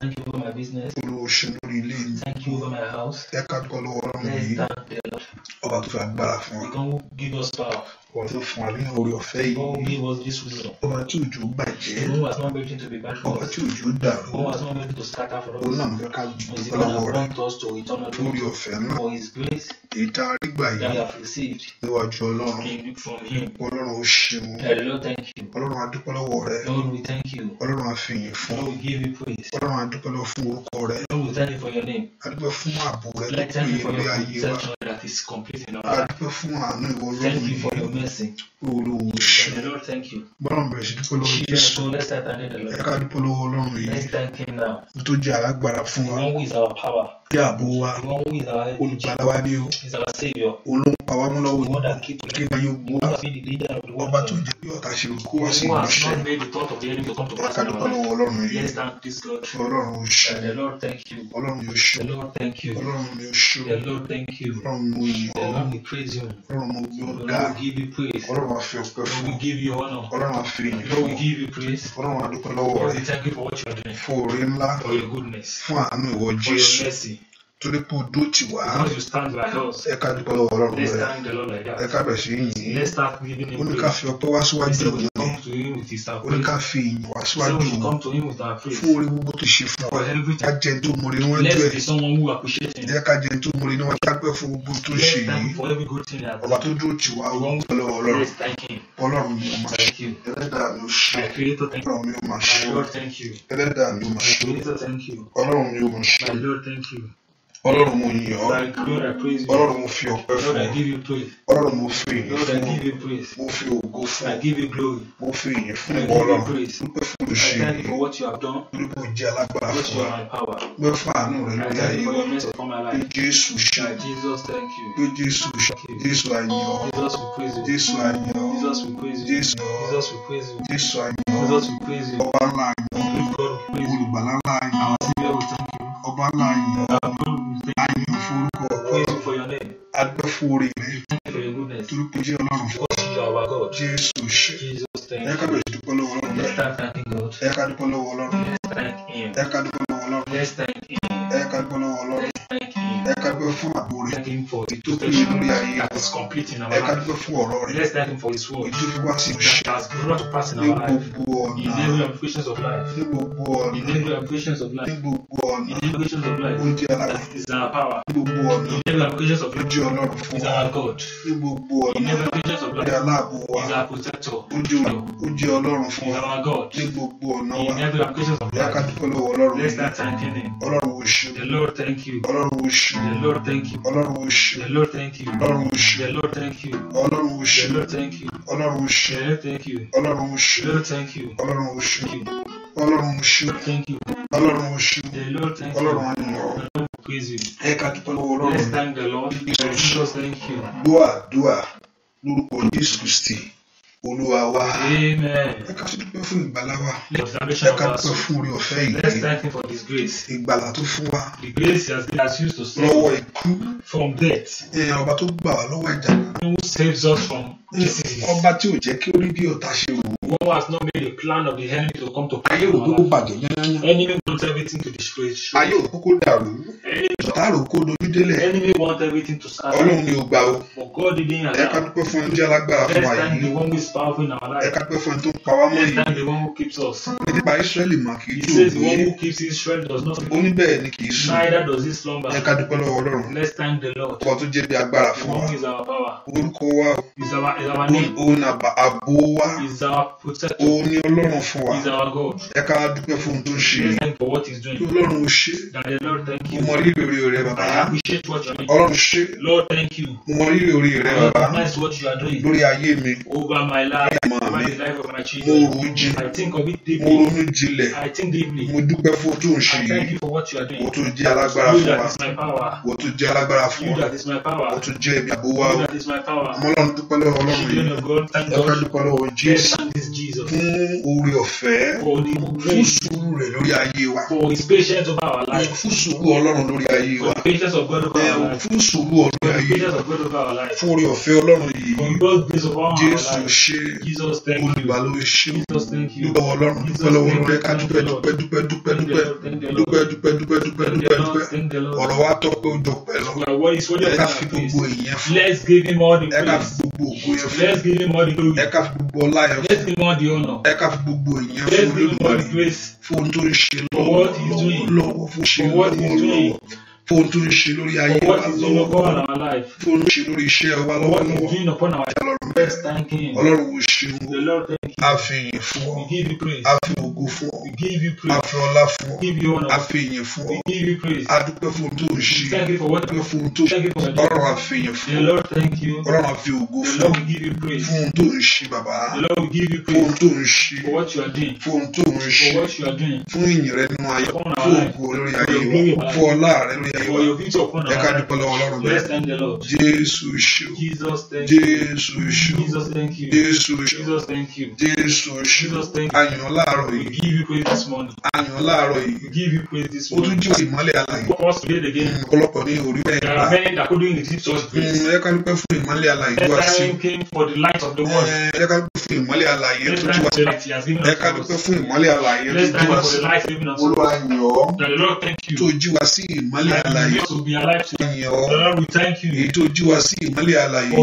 Thank you for my business. Thank you for my house. Thank you for my house. Ẹ ká dúpọ̀ lọ́wọ́ Ọlọ́run yìí. Let's thank the Lord. Ọba tó fi agbára fún wa. He can give us power wọn tó fún wa ní orí ọ̀fẹ́ yìí ọba tí òjò bàjẹ́ ọba tí òjò dàrú òun náà fẹ́ ká ju ọlọ́wọ́ rẹ̀ lórí ọ̀fẹ́ náà èyí tá a rí gbà yìí níwájú ọlọ́run ọlọ́run ó ṣeun ọlọ́run a dúpẹ́ lọ́wọ́ rẹ ọlọ́run a fìyìn fún ọlọ́run a dúpẹ́ lọ́wọ́ fún orúkọ rẹ a dúpẹ́ fún ààbò rẹ tó kù yìí lórí ayé wa a dúpẹ́ fún àánú ìwọ ọlọ́run yìí. assim, o luxo. ṣe bọ́lọ́run bẹ̀rẹ̀ sí dúpẹ́ lọ́wọ́ jésù ẹ ká dúpẹ́ lọ́wọ́ ọlọ́run yìí tó jẹ́ alágbára fún wa kí ààbò wa olùgbàlà wa ní o olóhùn pa wá mú lọ́wọ́ kí n ayé gbó wa ọba tó jẹ́ bí ọ̀tá ṣe kó wá sí you, ẹ ká dúpẹ́ lọ́wọ́ ọlọ́run yìí ọlọ́run ò ṣe ọlọ́run ò ṣe ọlọ́run ò ṣe ọlọ́run ò yìn ọ́ ọlọ́run ò gbé ọlọ́run á we give you honor. Lord, we give you praise. Ọlọ́run We thank you for what you are doing. Fún oore ńlá. For your goodness. Fún àánú ìwọ Jésù. For your mercy torí pé o dó tì wá. ẹ ká dúpẹ́ lọ́wọ́ ọlọ́run rẹ ẹ ká bẹ̀ sí yìnyín. ó ní ká fi ọpẹ́ wá síwájú ìwé to him with his prayer. Orí ká fi ìyìn wá wọn. Fún orí gbogbo tó ṣe fún wa. Ká jẹ tó mọ̀rí níwájú ẹ̀. Let's him. Jẹ́ ká jẹ tó mọ̀rí níwájú ẹ̀ fún gbogbo tó ṣe yìí. Ọba tó dúró tì wá owó lọ́wọ́ ọlọ́run. Ọlọ́run mi ò máa ṣe. Ẹlẹ́dàá mi ò ṣe. Ọlọ́run mi ò máa ṣe. Ẹlẹ́dàá mi ò máa ṣe. Ọlọ́run mi ò máa ṣe ọlọ́run mo yìn ọ́ ọlọ́run mo fi ọpẹ́ fún ọ ọlọ́run mo fi ìyìn fún ọ mo fi ògo fún ọ mo fi ìyìn fún ọ ọlọ́run dúpẹ́ fún olùṣe ìyìn dúpẹ́ jẹ́ alágbára fún wa dúpẹ́ fún àánú rẹ lórí ayé wa bí jésù ṣe bí jésù ṣe jésù àyìn ọ́ jésù àyìn ọ́ jésù jésù àyìn ọ́ ọba ńlá àyìn ọ́ olùgbàlà ńlá àyìn ọ́ ọba ńlá àyìn ọ́. fún orí rẹ̀ torí pé jẹ́ ọlọ́run jésù ṣe ẹ ká bẹ̀rẹ̀ dúpẹ́ lọ́wọ́ ọlọ́run rẹ̀ ẹ ká dúpẹ́ lọ́wọ́ ọlọ́run ẹ ká dúpẹ́ lọ́wọ́ ọlọ́run ẹ ká dúpẹ́ lọ́wọ́ ọlọ́run ẹ ká dúpẹ́ fún àbò rẹ̀ tó pè é lórí ayé ẹ ká dúpẹ́ fún ọ̀rọ̀ rẹ̀ ìtòfi wá sí ìṣe ní gbogbo ọ̀nà ní gbogbo ọ̀nà ní gbogbo the of life. our ọ̀nà ó jẹ́ ara rẹ̀ ní gbogbo ọ̀nà ó jẹ́ ọlọ́run fún wa ní gbogbo ọ̀nà ó jẹ́ aláàbò wa ó jẹ́ ọlọ́run fún wa ní gbogbo ọ̀nà wa yàrá dúpẹ́ lọ́wọ́ ọlọ́run ọlọ́run oṣù ọlọ́run oṣù ọlọ́run oṣù ọlọ́run oṣù ọlọ́run oṣù ọlọ́run oṣù ọlọ́run oṣù ọlọ́run oṣù. Ọlọ́run ṣe Ọlọ́run ṣe Ọlọ́run ànìyàn ẹ ká kí pẹ̀lú Ọlọ́run gbọ́ àdúrà lórúkọ Jésù Kristi olúwa wa ẹ ká tún dúpẹ́ fún ìgbàlá wa ẹ ká dúpẹ́ fún orí ọ̀fẹ́ yìí ìgbàlá tó fún wa lọ́wọ́ ikú ọba tó gbà wá lọ́wọ́ ìjà ọba tí ò jẹ́ kí ó rí bí ọ̀tá ṣe rò Who has not made a plan of the enemy to come to pass? Ayé òkúkú bàjẹ́ Enemy wants everything to destroy. Ayé òkúkú Enemy wants everything to scatter. Ọlọ́run ni But God didn't allow. Ẹ ká dúpẹ́ the one who is powerful in our life. Ẹ ká dúpẹ́ the one who keeps us. He says the one who keeps his Israel does not sleep. Neither does he slumber. Let's thank the Lord. The one is our power. Is our is our name. Is our Òun ni Ọlọ́run fún wa. He is our God. Ẹ ká dúpẹ́ fún ohun tó ń ṣe. We for what he is doing. Ọlọ́run ó ṣe. Lord thank you. Mo mọ rírì orí rẹ bàbá. you Ọlọ́run ṣe. Lord thank you. Mo mọ rírì orí rẹ bàbá. what you are doing. Lórí ayé mi. Over my life. Lórí àmọ́ mi. Over the life of my children. Mo rò ó jin. I think of it deeply. jinlẹ̀. I think deeply. Mo dúpẹ́ fún ohun tó ń ṣe. I thank you for what you are doing. Mo tún jẹ́ alágbára fún wa. You that is my power. tún jẹ́ alágbára fún wa. You that is my power. tún jẹ́ ìbí àbówá. You that is my power. Ọmọ Ọlọ́run dúpẹ́ lọ́wọ́ Ọlọ́run yìí. Children of God thank dúpẹ́ lọ́wọ́ Jésù. Jesus. Fún oore ọ̀fẹ́. For the rẹ̀ lórí ayé wa. for his patience over our life. fún sùúrù ọlọ́run lórí ayé wa. for the patience of God over our life. fún sùúrù ọlọ́run lórí ayé wa. for the patience of God over our life. fún orí ọ̀fẹ́ ọlọ́run yìí. for God's grace over our life. Jésù ṣe olùgbà ló ṣe dúpẹ́ ọlọ́run dúpẹ́ lọ́wọ́ lórí ká dúpẹ́ dúpẹ́ dúpẹ́ dúpẹ́ dúpẹ́ dúpẹ́ dúpẹ́ dúpẹ́ dúpẹ́ dúpẹ́ ọ̀rọ̀ wa tọ́ pé ó dọ̀pẹ́ lọ. ẹ ká fi gbogbo ìyẹn fún. let's give him all the praise. ẹ ká fi gbogbo ògo yẹn fún. let's give him all the glory. ẹ ká fi gbogbo ọlá yẹn fún. let's give him all the honour. ẹ ká fi gbogbo ìyẹn fún olódùmarè fún tó ń ṣe lọ́wọ́ lọ́wọ́ bó ṣe lọ́wọ́ lọ́wọ́ fóun tó ń ṣe lórí ayé wa lọ́wọ́ fóun tó ń ṣe lórí iṣẹ́ wa lọ́wọ́ lọ́wọ́ ọlọ́run ọlọ́run ò ṣeun a fi ìyìn fún ọ a fi ògo fún ọ a fi ọlá fún ọ a fi ìyìn fún ọ a dúpẹ́ fóun tó ń ṣe a dúpẹ́ fóun tó ọlọ́run a fi ìyìn fún ọ ọlọ́run a fi ògo fún ọ fóun tó ń ṣe bàbá fóun tó ń ṣe fóun tó ń ṣe fún ìyìn ayé fún ògo lórí ayé wa fún ọlá rẹ lórí ẹ̀wọ̀ ẹ̀ka dúpẹ́ lọ́wọ́ ọlọ́run bẹ́ẹ̀ jésù ṣù jésù ṣù jésù ṣù jésù ṣù àyàn láàárọ̀ yìí àyàn láàárọ̀ yìí ó tún jí ìmọ́lẹ̀ alààyè hmm, ọ̀pọ̀lọpọ̀ ní orí bẹ́ẹ̀ hmm, gbà ẹ̀ka dúpẹ́ fún ìmọ́lẹ̀ alààyè tó wá sí hmm, ẹ̀ka dúpẹ́ fún ìmọ́lẹ̀ alààyè tó tún wá sí ẹ̀ka dúpẹ́ fún ìmọ́lẹ̀ alààyè tó tún wá sí olúwa yọ̀ ọ́ tó jí wá sí ìmọ́lẹ̀ àlàyé yàn ọ́ ìtọ́jú wa sí ìmọ́lẹ̀ àlàyé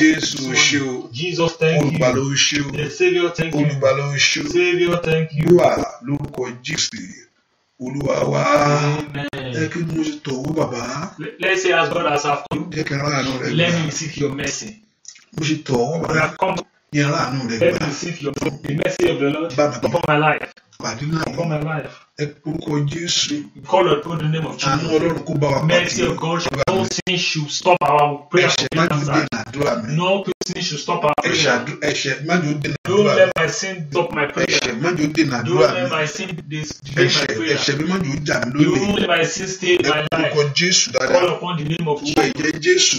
Jésù ṣe o olùgbàlà o ṣe o olùgbàlà o ṣe o yóò à lórúkọ Jésù olúwa wa ẹ kí mo ṣe tọ̀wọ́ bàbá jẹ́ kí n rán àánú rẹ gbà mo ṣe tọ̀wọ́ bàbá. Let me Upon Upon my my life. life. the of ní ara àánú rẹ gbà bàbá pàdé láàyè ẹ kórúkọ Jésù àánú Ọlọ́run kó bá wa pàdé ẹ̀ṣẹ̀ má jò dé nàdúrà mi ẹ̀ṣẹ̀ má stop my prayer. mi ẹ̀ṣẹ̀ má jò dé nàdúrà mi ẹ̀ṣẹ̀ ẹ̀ṣẹ̀ mi má jò jà mí lóde ẹ kórúkọ Jésù dáadáa wọ ẹ̀jẹ̀ Jésù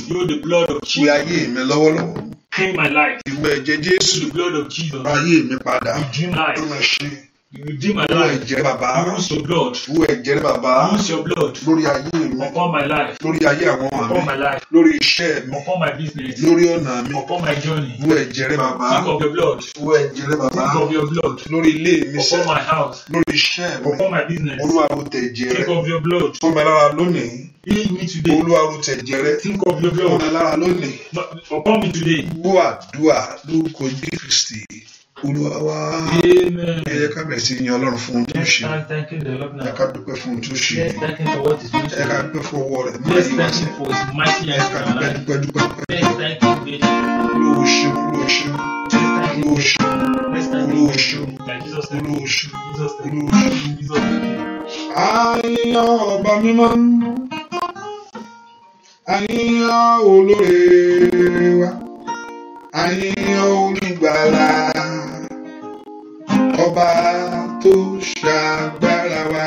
wí ayé mi lọ́wọ́lọ́wọ́. Clean my life. Ìgbẹ̀jẹ̀ Jésù. The blood of Jesus. Ayé mi padà. Redeem life. Tó máa ṣe. You redeem my life. Ẹ̀jẹ̀ bàbá. Use your blood. Wo ẹ̀jẹ̀ bàbá. Use your blood. Lórí ayé mi. Upon my life. Lórí ayé àwọn ọmọ mi. Upon my life. Lórí iṣẹ́ mi. Upon my business. Lórí ọ̀nà mi. Upon my journey. Wo ẹ̀jẹ̀ bàbá. Think of your blood. Wo ẹ̀jẹ̀ bàbá. Think of your blood. Lórí ilé mi sẹ́. Upon my house. Lórí iṣẹ́ mi. Upon my business. Olúwa wo tẹ̀jẹ̀ rẹ̀. Think of your blood. Fún mi lára lónìí. Heal me today. Olúwa wo tẹ̀jẹ̀ Think of your blood. Fún mi lára lónìí. Upon me today. Gbọ́ àdúrà lórúkọ Jésù Kristi olúwa wá ẹ yẹ ká bẹ̀rẹ̀ sí yan ọlọ́run fún ohun tó ṣe ẹ ká dúpẹ́ fún ohun tó ṣe ẹ ká dúpẹ́ fún ọwọ́ rẹ̀ mọ́ ìwà sí ẹ ká dúpẹ́ dúpẹ́ dúpẹ́ dúpẹ́ olówó ṣeun olówó ṣeun olówó ṣeun olówó ṣeun olówó ṣeun olówó ṣeun. àyà ọba mímọ́ àyà olóore wa àyà olùgbàlà ọba tó ṣàgbára wa.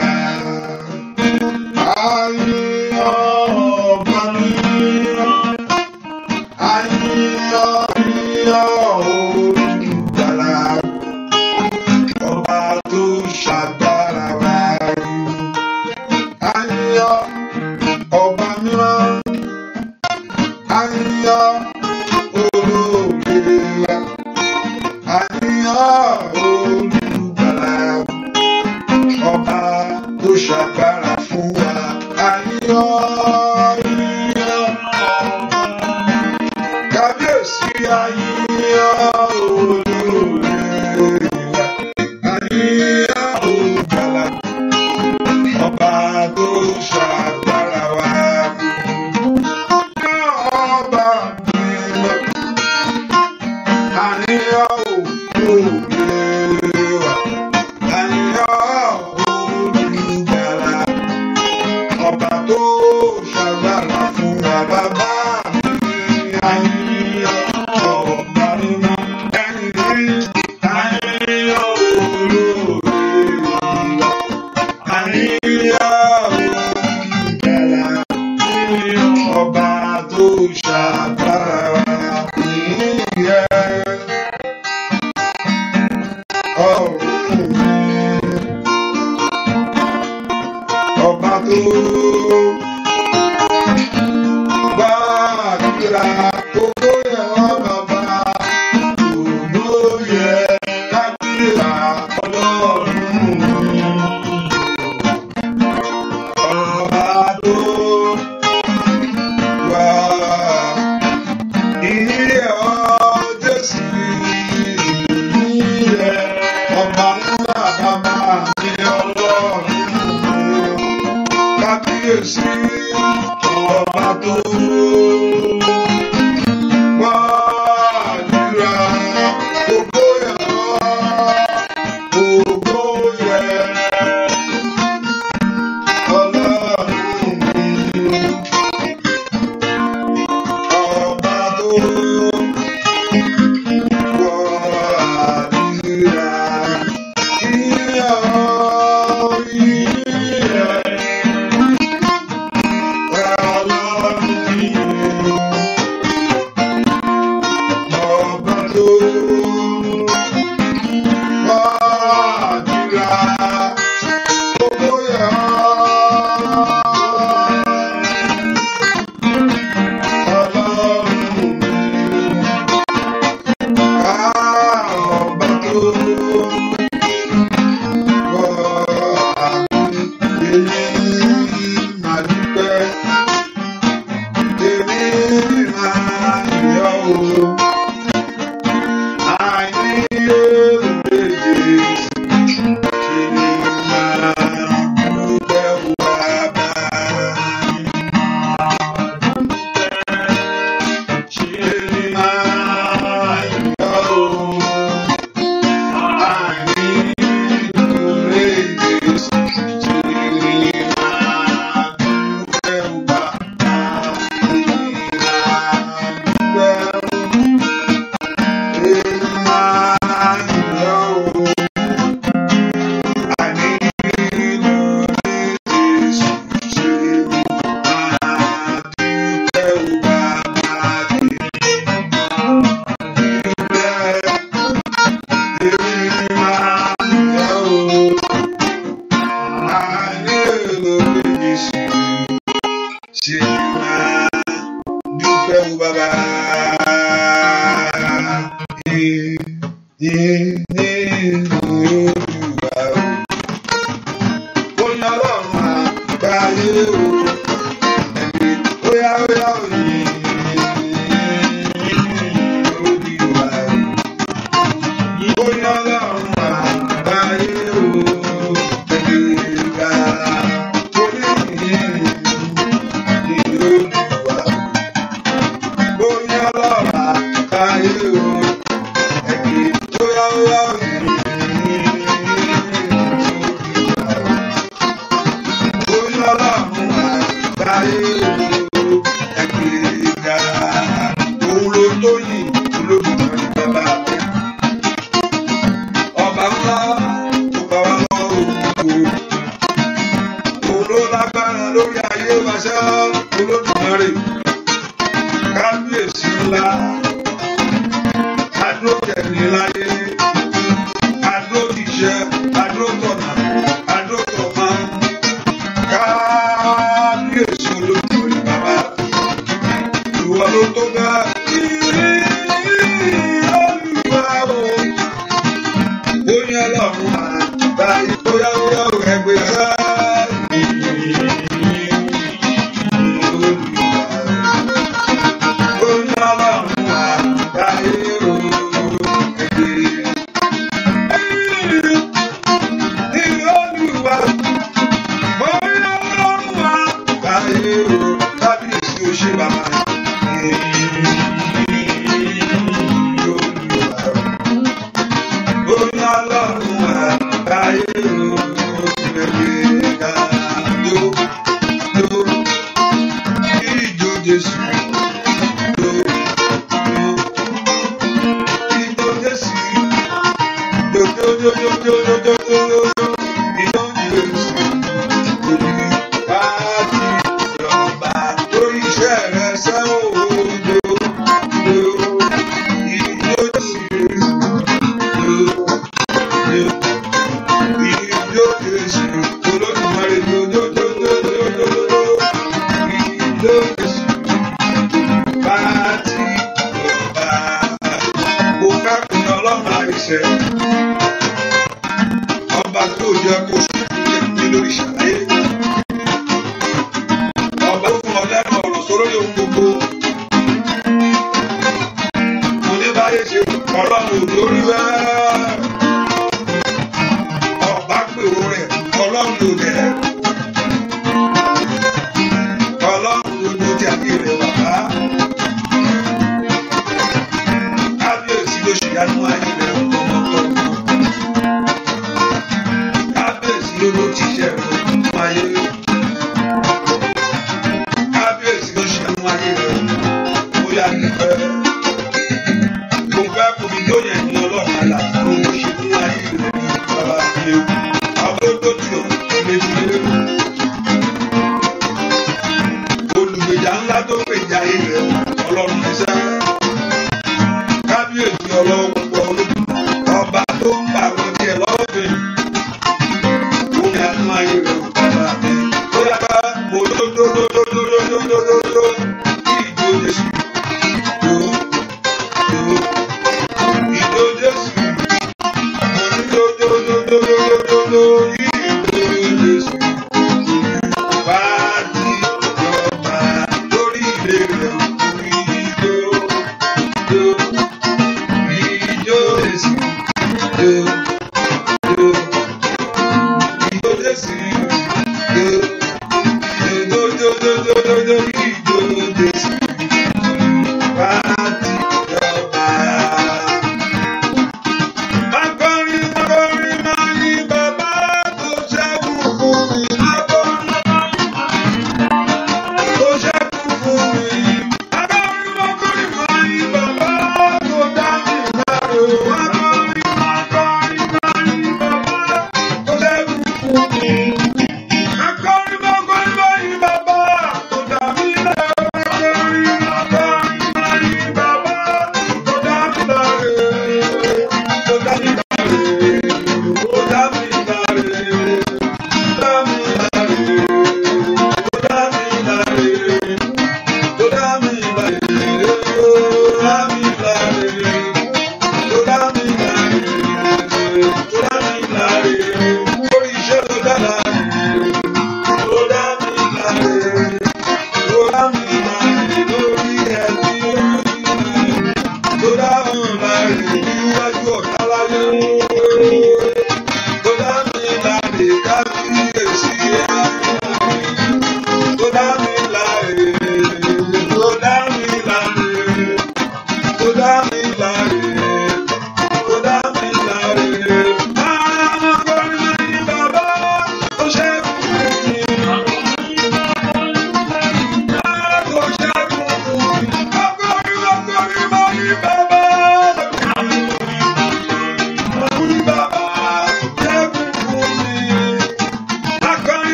Tumba.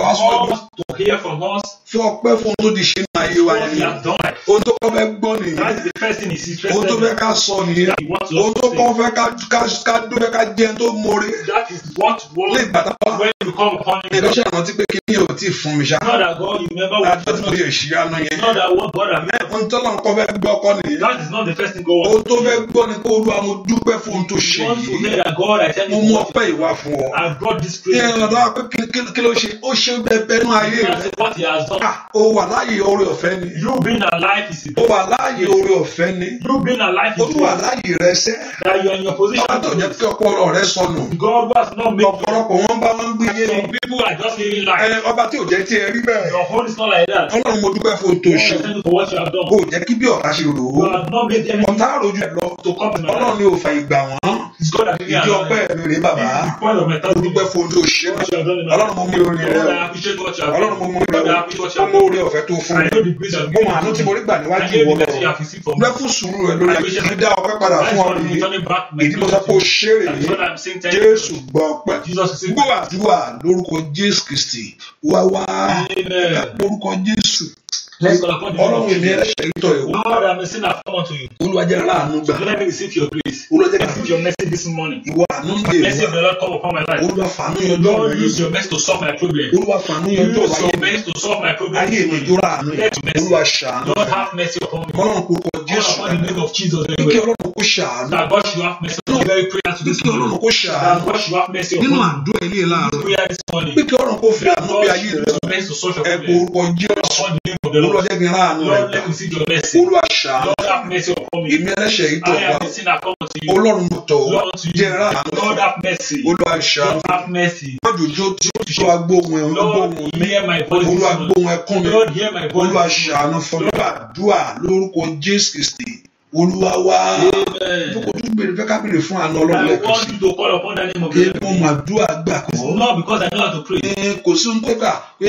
gospel. to hear from us. fún ọpẹ́ fún ohun tó di ṣe nínú ayé wa yẹn. ohun tó kọ́ fẹ́ gbọ́ nìyẹn. the first thing he's interested in. ohun tó fẹ́ ká sọ nìyẹn. ohun tó kọ́ fẹ́ ká dúró ká jẹun tó mọ̀re. that is what was. lè gbàtà ẹ lọ́sẹ̀ àwọn tí pé kí ni yóò tí fún mi ṣá. àti mo yẹ ìṣìyanu yẹn. mẹ́kun tọ́lọ̀ nǹkan fẹ́ gbọ́ kọ́ nìyẹn. o tó fẹ́ gbọ́ ni kó olúwa mo dúpẹ́ fún ohun tó ṣe yìí. mo mú ọpẹ́ ìwà fún ọ. ẹ lọ́dọ̀ pé kí ló ṣe ó ṣe bẹ́ẹ̀ nú ayé ayé ni. some people are just living life. ẹ ọba tí ò jẹ́ tí ẹ rí bẹ́ẹ̀. your home is not like that. ọlọ́run mo dúpẹ́ fún tó ṣe. o jẹ́ kí bí ọ̀tá ṣe rò ó. you have not made them. ọ̀tá rojú ẹ̀ lọ. to come to my life. ọlọ́run ni ò fa ìgbà wọ́n ìjọ ọpẹ́ mi rèé bàbá olùpẹ fojú òṣìṣẹ Ọlọ́run mo mú orin rẹ Ọlọ́run mo mú orin rẹ mo mú orin ọ̀fẹ́ tó fún mi mo mọ àánú tí mo rí gbà níwájú ìwọ lọ lọ fún sùúrù rẹ lórí ayé mi dá ọpẹ́ padà fún ọ rèé èyí mo sọ pé o ṣe rèé Jésù gbọ́ ọpẹ́ gbọ́ àdúrà lórúkọ Jésù Kristi wá wá lórúkọ Jésù ọlọ́run èmi ẹlẹ́ṣẹ̀ ń tọ̀ ẹ̀wọ́. Lord, I'm a sinner, I come unto you. Olúwa jẹ́ gbà. Let me receive your grace. Olúwa jẹ́ ká your mercy this morning. Ìwọ àánú ń dè wá. Mercy of the Lord come upon my life. Olúwa fàánú yọjọ́ rẹ̀. Lord, use your best to solve my problem. Olúwa fàánú yọjọ́ rẹ̀. Use your best to solve my problem. Ayé mi dúró àánú. Let mercy. ṣàánú. Lord, have mercy upon me. Ọlọ́run kò kọ Jésù. All upon the name of Jesus. kò ṣàánú. That God should have mercy on me. Very prayer to this morning. Kíkẹ́ ọlọ́run kò ṣàánú. That God should have láàárọ̀. Prayer this kò fi àánú bí ayé rẹ̀. Ẹ Lord, let me run. Lord, let me see your mercy. Olúwaṣà. Lord, have mercy upon me. Èmi ẹlẹ́ṣẹ̀ yìí tọ̀ wá. I am a sinner come to you. Ọlọ́run mo tọ̀ wá. Lord, to you. Jẹ́ ràn. Lord, have mercy. Olúwaṣà. Lord, have mercy. Májòjó tí ó tó agbóhun ẹ̀ gbóhun mi. Lord, hear my voice. Olúwa gbóhun ẹkún mi. Lord, hear my voice. Olúwaṣà. Ànàfọ̀ nígbàdúrà lórúkọ Jésù Kristì olúwa wá tókò tún bèrè fẹ́ ká bèrè fún àná ọlọ́run lẹ́kọ̀ọ́ sí kí mo mà dúà gbà kọ́ kò sí nǹkan gbà pé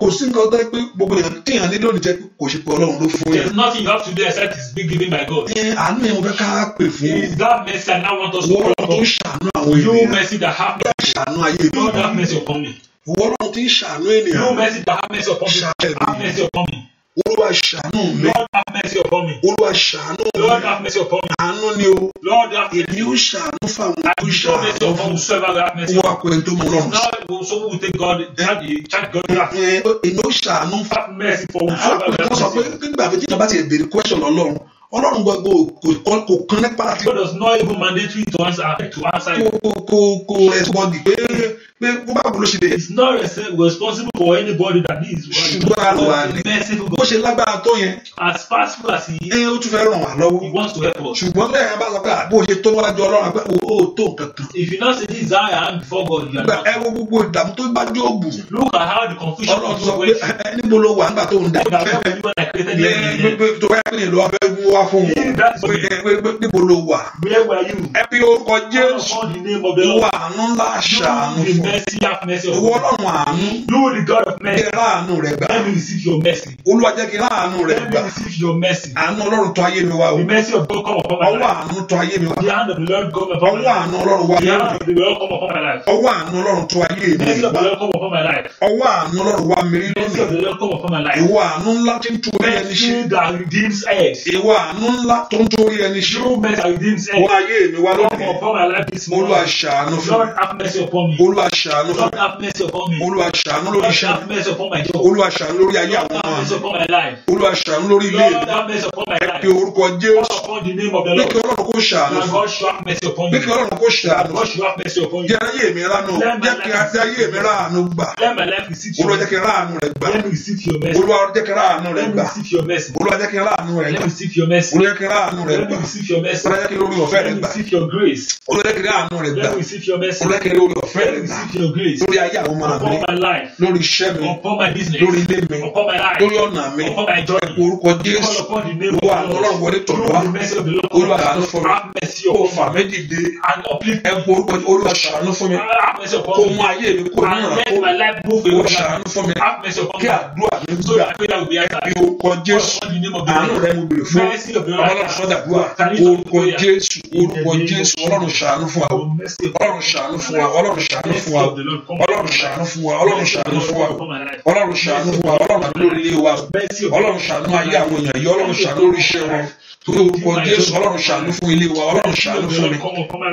kò sí nǹkan tó pé gbogbo èèyàn téèyàn nílò ní jẹ́ kò sí pé ọlọ́run ló fún yẹn. there is nothing you have to do except it is being given by God. àánú yẹn mo fẹ́ ká pè fún. is that mercy I now want us to call upon. wọ́n tó ṣàánú àwọn ènìyàn. no mercy that happen. wọ́n ṣàánú ayé mi. God have mercy upon me. wọ́n tó ṣàánú ènìyàn. no mercy that have mercy upon me. have mercy upon me olúwa ṣàánú mi. Lord have mercy upon me. olúwa ṣàánú mi. Lord have mercy upon me. àánú ni o. Lord have mercy. èmi ó ṣàánú fáwọn tó ṣàánú fún. owó akọ̀yìn tó mú lọ́rùn sí. now so we take God thank you God that. èmi ṣàánú fún. have mercy for me. akọ̀yìn tó sọ pé nígbà tí ìjọba ti béèrè question ọlọ́run ọlọ́run gbogbo kò kò kan nípa láti. God does not even mandate you to answer to answer. kò kò kò ẹ̀sùn wọ́n di pé pé bó bá wù ló ṣe lè. it's not responsible for anybody that is. ṣùgbọ́n a lọ wà ní bó ṣe lágbára tó yẹn. as possible as he. ẹ ó tún fẹ́ ràn wá lọ́wọ́. he wants to help us. ṣùgbọ́n lẹ́yìn bá sọ pé àbó ṣe tó wájú ọlọ́run àgbẹ̀ o ò tó kankan. if you no see this how I am before God you are not. ẹ wo gbogbo ìdààmú tó bá jó ògùn. look at how the confusion is going. ọlọ́run sọ ló wà nígbà tó ń dá. tó bá yẹ kí ló wá fẹ́ wá fún ló wà. where were you. ẹ mercy have mercy on me. ìwọ ọlọ́run àánú. you the God of mercy. kí láàánú rẹ gbà. let me receive your mercy. olúwa jẹ́ kí láàánú rẹ gbà. let me receive your mercy. àánú ọlọ́run tọ́ ayé mi wá the mercy of God come upon my life. ọwọ́ àánú tọ́ ayé mi wá. the hand of the Lord come upon my life. ọwọ́ àánú ọlọ́run wá. the hand of the Lord come upon my life. ọwọ́ àánú ọlọ́run tọ́ ayé mi wá. the mercy of the Lord come upon my life. ọwọ́ àánú ọlọ́run wá mi rí lónìí. the mercy of the Lord come upon my life. ìwọ àánú ńlá tí ń tó orí ẹni ṣe. mercy that redeems heads. ìwọ àánú ńlá tó ń tó orí ẹni ṣe. true mercy that redeems heads. wọ́n ayé mi wá lónìí. come upon my life this morning. olúwa ṣàánú fún me ṣàánú olúwa ṣàánú lórí iṣẹ́ olúwa ṣàánú lórí ayé àwọn ọmọ olúwa ṣàánú lórí ilé ẹ pe orúkọ jésù bí kí ọlọ́run kó ṣàánú bí kí ọlọ́run kó ṣàánú jẹ́ ayé mi ránú jẹ́ kí àti ayé mi ránú gbà olúwa jẹ́ kí ránú rẹ gbà olúwa jẹ́ kí ránú rẹ gbà olúwa jẹ́ kí ránú rẹ gbà olúwa jẹ́ kí ránú rẹ gbà olúwa jẹ́ kí lórí ọ̀fẹ́ rẹ gbà olúwa jẹ́ kí ránú rẹ gbà olúwa jẹ́ lórí ọ̀fẹ́ rẹ gbà lórí ayé àwọn ọmọ mi lórí iṣẹ́ mi lórí ilé mi lórí ọ̀nà mi ẹ̀kú orúkọ Jésù wọ àánú Ọlọ́run wọlé tọ̀dọ̀ wa Olúwa ṣàánú fún mi kó fà mí dìde ẹ̀kú orúkọ Olúwa ṣàánú fún mi kó mú ayé mi kó nínú àkókò Olúwa ṣàánú fún mi kí àdúrà mi gbà bí orúkọ Jésù àánú rẹ mo bèrè fún Ọlọ́run sọ́dàdúrà orúkọ Jésù orúkọ Jésù Ọlọ́run ṣàánú fún wa Ọlọ́run ṣàánú fún wa Ọlọ́run ṣàánú fún wa wa ọlọ́run ṣàánú fún wa ọlọ́run ṣàánú fún wa ọlọ́run ṣàánú fún wa ọlọ́run ṣàánú lórí ilé wa ọlọ́run ṣàánú ayé àwọn èèyàn yìí ọlọ́run ṣàánú lórí iṣẹ́ wọn torí orúkọ Jésù ọlọ́run ṣàánú fún ilé wa ọlọ́run ṣàánú fún mi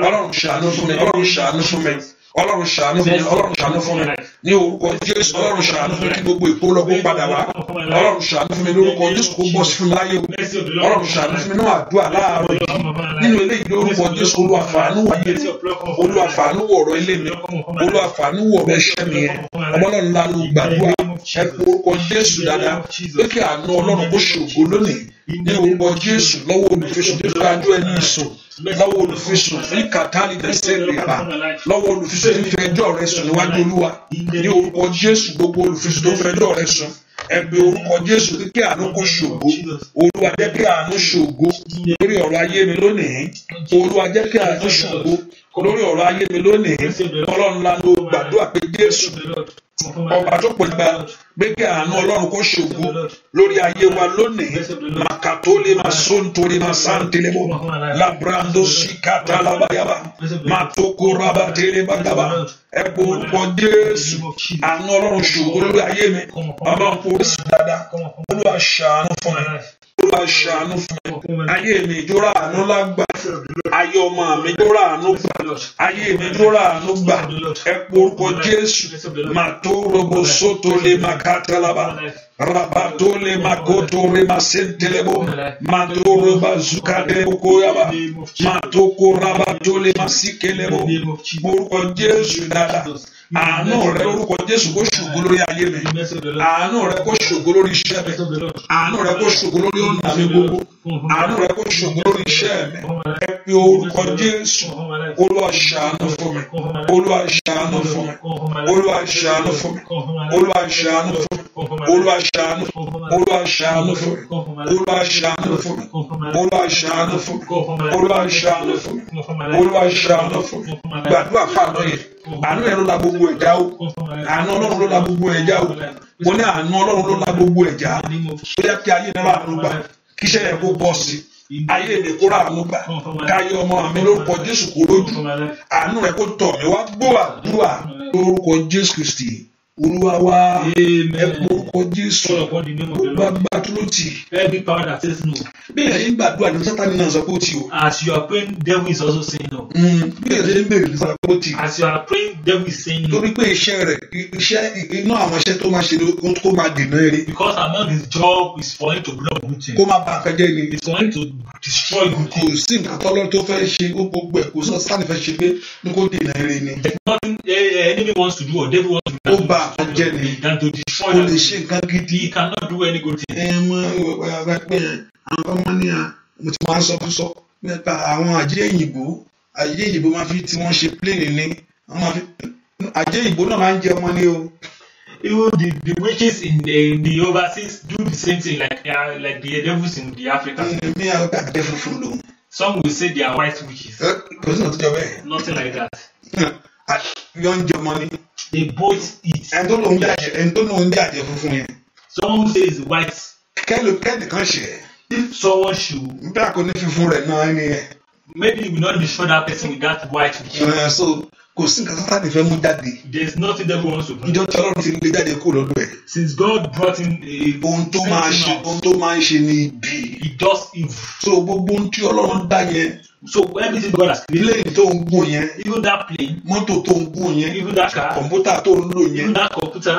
ọlọ́run ṣàánú fún mi ọlọ́run ṣàánú fún mi ọlọ́run ṣàánú fún mi ọlọ́run ṣàánú fún mi ní orúkọ jésù ọlọ́run ṣàánú fún mi kí gbogbo ìpolọ́gbọ́ padà wá ọlọ́run ṣàánú fún mi lórúkọ jésù kó bọ́ sí fún mi láyé o ọlọ́run ṣàánú fún mi náà àdúrà láàárọ̀ yìí nínú eléyìí lórúkọ jésù olúwàfàánú wáyé mi olúwàfàánú wọ̀rọ̀ ilé mi olúwàfàánú wọ̀rọ̀ ẹ̀ṣẹ̀ mi yẹn ọmọlọ́run lanu gbàdúrà ẹ pe orúkọ jésù dáadáa pé kí àánú ọlọ́run kó ṣògo lónìí ní orúkọ jésù lọ́wọ́ olùfisùn tó dájú ẹni ìsùn lọ́wọ́ olùfisùn fún kàtàlì dẹ́sẹ̀ rìbá lọ́wọ́ olùfisùn tó fẹ́ ẹjọ́ rẹ sùn níwájú olúwa ní orúkọ jésù gbogbo olùfisùn tó fẹ́ ẹjọ́ rẹ sùn ẹ pe orúkọ jésù pé kí àánú kó ṣògo olúwa jẹ́ kí àánú ṣògo lórí ọ̀rọ̀ ayé mi lónìí olúwa jẹ́ kí àánú ṣògo lórí ọ̀rọ̀ ayé mi lónìí ọlọ́run lanu gbàdúrà pé jésù ọba tó pèlúgba gbẹgẹ àánú Ọlọ́run kó ṣògo lórí ayé wa lónìí makatole ma sontori ma santelebo labrando sikata labayaba matoko rabatele bagaba ẹkọ orúkọ Jésù àánú Ọlọ́run ṣògo lórí ayé mi bàbá ń forí sí dáadáa Olúwa ṣàánú fún mi olúwa ṣàánú fún mi ayé mi ìjọra àánú lágbà ayé ọmọ mi ìjọra àánú gbà ayé mi ìjọra àánú gbà ẹ porúkọ jésù màtó robo sóto lè má kàtàlábà rabato lè má kótó rè má sèntèlébó màtó roba zukadébó kóyàbá màtó kó rabato lè má síkèlébó porúkọ jésù dáadáa àánú rẹ lórúkọ Jésù kó ṣògo lórí ayé mi àánú rẹ kó ṣògo lórí iṣẹ́ mi àánú rẹ kó ṣògo lórí ọ̀nà mi gbogbo àánú rẹ kó ṣògo lórí iṣẹ́ mi ẹ pe orúkọ Jésù Olúwa ṣàánú fún mi Olúwa ṣàánú fún mi Olúwa ṣàánú fún mi Olúwa ṣàánú fún mi Olúwa ṣàánú fún mi Olúwa ṣàánú fún mi Olúwa ṣàánú fún mi Olúwa ṣàánú fún mi Olúwa ṣàánú fún mi Olúwa ṣàánú fún mi gbàdúrà fáànù yìí àánú ẹ̀ ló la gbogbo ẹ̀já o àánú ọlọ́run ló la gbogbo ẹ̀já o mo ní àánú ọlọ́run ló la gbogbo ẹ̀já ó yẹ kí ayé náírà àánú gbà kíṣẹ́ ẹ̀ kó bọ́ sí ayé mi kó rà àánú gbà káyé ọmọ mi lórúkọ jésù kó lójú àánú rẹ̀ kó tọ̀ mí wá gbọ́ àdúrà lórúkọ jésù kristi olúwa wa ẹ porúkọ jésù gbogbo tó ti. every power that says no. bẹ́ẹ̀ ṣe gbàdúrà ní sátani náà sọ pé ó ti o. as you are praying devil is also saying no. Hmm, bẹ́ẹ̀ ṣe ń bèrè pé ó ti. as you are praying devil is saying no. torí pé iṣẹ́ rẹ̀ iṣẹ́ iná àwọn iṣẹ́ tó máa ṣe kó máa dènà eré. because among his job is for him to block good things. kó máa bà nǹkan jẹ́ ni. is for him to destroy good things. kò sí nǹkan tọ́lọ́ tó fẹ́ ṣe gbogbo ẹ̀ kò sọ sátani fẹ́ ṣe pé ní kó dènà eré ni. nothing eh, eh, enemy wants to do or devil wants to ó bá àjẹ ni kò lè ṣe nǹkan gidi ẹ mọ pé àwọn ọmọ ní à mo ti máa ń sọ fún sọ nípa àwọn àjẹ òyìnbó àjẹ òyìnbó máa fi tí wọ́n ṣe pléènì ni wọ́n òyìnbó náà máa ń jẹ ọmọ ní o. even the the witches in the in the overseas do the same thing like they are like the devils in the Africa. mi some will say they are white witches. kò sí nà tó jọ bẹ́ẹ̀. nothing like that. yọ̀ǹjọ́ mọ́ they both eat. ẹni tó lóun jàjẹ ẹni tó lóun jàjẹ funfun yẹn. someone say it's white. kẹ́lò kẹ́nìkan ṣe. if someone should. n bẹ́ẹ̀ kò ní funfun rẹ̀ náà ẹni yẹn maybe you will not destroy that person with that white beard. Uh, eh, so kò sí nǹkan sátani fẹ́ mú jáde. there is nothing devil wants to do. ìjọ tí ọlọ́run ti lè jáde kúrò lọ́dọ̀ ẹ̀. since God brought in a. ohun tó máa ṣe ohun tó máa ṣe ni ibi. he does evil. so gbogbo ohun tí ọlọ́run dá yẹn. so everything God has created. plane tó ń gùn yẹn. even that plane. mọ́tò tó ń gùn yẹn. even that car. computer, tó ń lò yẹn. even that computer.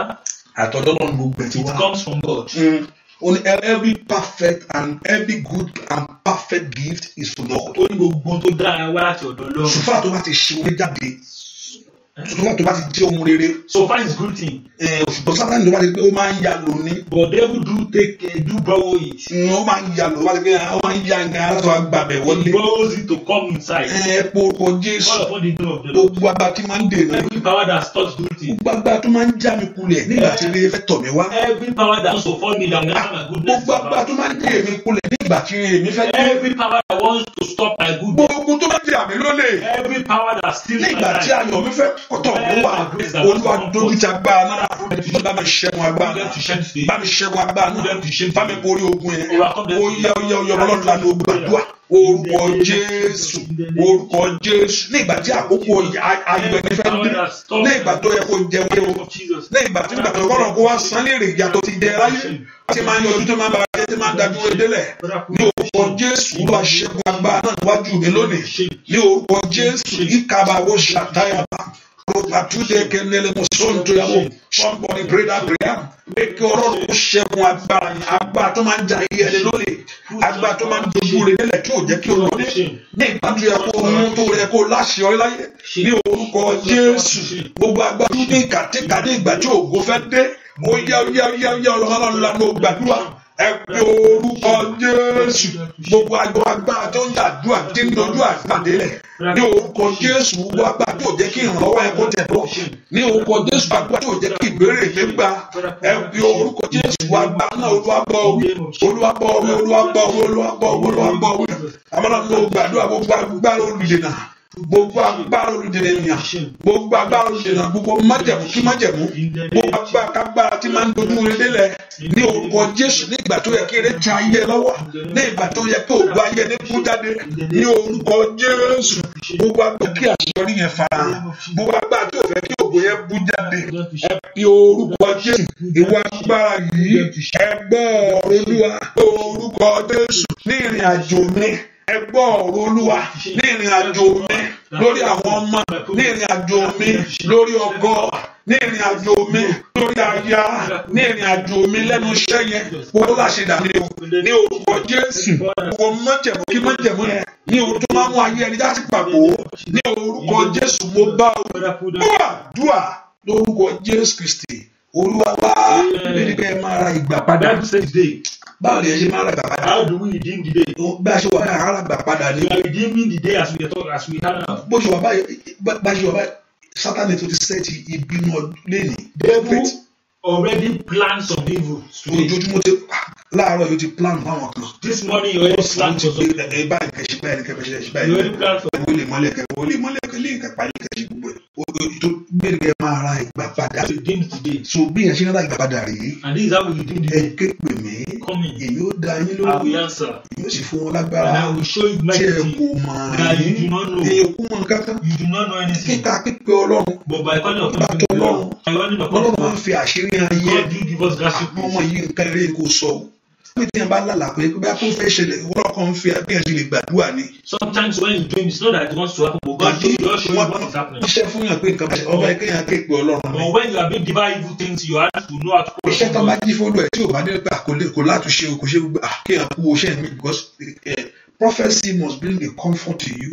àtọ̀dọ́ lọ́run gbogbo ẹ̀ ti wá. it comes from God. Mm on every perfect and every good and perfect gift is from God. ó ní gbogbo tó dára wá láti ọ̀dọ̀ lọ. sùfà tó bá ti ṣe orí jáde sùfà tó bá ti jẹ́ ohun rere. so far is good thing òṣùpọ̀ sátani ló wá di pé ó máa ń ya lò ní. but devil oh, do take a eh, do borrow it. ó máa ń ya lò wá di pé ó máa ń ya nǹkan aláṣọ agbábẹ̀ wọlé. he borrows it to come inside. ẹ ẹ porúkọ jésù. all upon the door of gbogbo agba tí máa ń dènà. every power that stops good things. gbogbo agba tó máa ń já mi kulẹ̀ nígbà tí ilé fẹ́ tọ̀ mí wá. every power that also fall me down. gbogbo agba tó máa ń dè mí kulẹ̀ ní ìgbà tí èmi fẹ́ dé. every power that wants to stop my good. gbogbo tó bá di àmì lólè. every power that steals my life. ní ìgbà tí ayọ̀ mi fẹ́ kọ̀tọ̀ mi wà olúwa dójú ti agbára náà bá mi ṣẹ́gun agbára náà bá mi ṣẹ́gun agbára náà bá mi borí ogun yẹn ó yá ó yá ó yá ọlọ́run lánàá gbàdúrà orúkọ jésù orúkọ jésù ní ìgbà tí àkókò ayọ̀ mi fẹ́ dé ní ìgbà tó yẹ kó jẹun ní ìgbà tó yẹ kó lọ kó wá sanlé rè yàtọ̀ ti jẹ láyé àti máa ń yọjú tó máa ń bá tí máa ń dajú délẹ̀ ní orúkọ Jésù wá ṣẹ́gun agbára náà níwájú mi lónìí ní orúkọ Jésù ìkàbà wo ṣàtàyàbà rògbàtúndé kẹnẹlẹ mo tó yàgò somebody pray that prayer pé kí ọ̀rọ̀ ló ṣẹ́gun agbára yẹn agbára tó máa ń jà yẹ ẹni lónìí agbára tó máa ń dojú rẹ nílẹ̀ tí ò jẹ́ kí o lọ ní ní ìgbà tó yẹ kó mú tó rẹ kó láṣẹ ọ láyé ní orúkọ Jésù gbogbo agbára tó ní kàtíkàtí ìgbà tí ògo fẹ́ dé ó yá ó yá yá yá ọlọ́run lánàá gbàdúrà ẹ pé orúkọ jésù gbogbo agbo agbára tó ń yàdúrà tí ń dojú àgbàdé lẹ ní orúkọ jésù gbogbo agbára tí ò jẹ́ kí ìrànlọ́wọ́ ẹ kó tẹ̀ bọ̀ ní orúkọ jésù agbára tí ò jẹ́ kí ìbéèrè mi gba ẹ pé orúkọ jésù agbára náà olúwàbọ̀ olúwàbọ̀ olúwàbọ̀ olúwàbọ̀ olúwàbọ̀ olúwàbọ̀ àmọ́ náà ló gbàdúrà gbogbo agbára olùyìnà gbogbo agbára olùdíje ènìyàn gbogbo agbára olùdíje ènìyàn gbogbo májẹ̀mú kí májẹ̀mú gbogbo agbára kágbára tí máa ń dojú ilé lẹ ní orúkọ Jésù ní ìgbà tó yẹ kí eré ja ayé lọ́wọ́ ní ìgbà tó yẹ kí ògbó ayé ní kú jáde ní orúkọ Jésù gbogbo agbára kí àṣeyọrí yẹn fara hàn gbogbo agbára tó fẹ́ kí ògbó yẹn bú jáde ẹ fi orúkọ Jésù ìwà agbára yìí ẹ Olúwa orúkọ Jésù ní ìrìn àjò mi ẹ gbọ́ ọ̀rọ̀ olúwa ní ìrìn àjò mi lórí àwọn ọmọ ní ìrìn àjò mi lórí ọkọ ní ìrìn àjò mi lórí aya ní ìrìn àjò mi lẹ́nu iṣẹ́ yẹn owó láṣẹ dàbí o ní orúkọ Jésù owó mọ̀jẹ̀mú kí mọ̀jẹ̀mú yẹn ní o tó máa mú ayé ẹni dá sí pàgbó ní orúkọ Jésù mo bá o dúà dúà lórúkọ Jésù Kristi Olúwa wá nígbà ẹ máa ra ìgbà padà báwo ni ẹ ṣe máa ràgbà padà. how do we redeem the day. bá a ṣe wà báyìí àràgbà padà ni. we are redeeming the day as we talk as we have now. bó ṣe wà báyìí bá a ṣe wà báyìí sátani tó ti sẹ́ẹ̀tì ìbínú lẹ́nìí. devil already plans some evil. ojoojúmọ́ tẹ láàárọ̀ yóò ti plan fún àwọn kan. this morning you already plan for something. ẹ bá nǹkan ṣe báyìí nǹkan ṣe ṣe báyìí. you already plan for. owó lè mọ́lẹ̀ kẹ́ owó lè mọ́lẹ̀ kẹ́ lè nǹkan parí nǹkan ṣe gbogbo ẹ̀. o tó bẹ̀rẹ̀ kẹ́ máa ra ìgbà padà. so game today. so bí yẹn ṣe ń ra ìgbà padà rèé. and this is how you do the. ẹ ké pè mí. coming èmi ó da yín lórí. I will answer. èmi ó sì fún wọn lágbára. and I will show you my team. tí ẹ kò mọ àyè. you do not know. ẹ kò mọ nǹkan kan. you do not know anything. kíkà pípẹ́ ọlọ́run. but by calling upon you. ọlọ́run máa ń fi àṣírí ayé. God do give us grace. àwọn ọmọ yìí nǹkan rere kò sọ bí tí yẹn bá lálàá pé bí a fẹ́ ṣẹlẹ̀ wọ́n kàn ń fi bí yẹn lè gbàdúrà ni. sometimes when you dream it's not that it wants to happen but God show you show you what is happening. iṣẹ́ fún yàn pé nǹkan ọba ẹ̀kẹ́ kéèpé ọlọ́run mi. but when you are being divine evil things you have to know how to. iṣẹ́ tó bá jí fọ́dọ̀ ẹ̀ tí ò bá dé pé ah, kò látúnṣe o kò gbogbo àkéyàn ah, kú o mi because eh, eh, prophecy must bring a comfort to you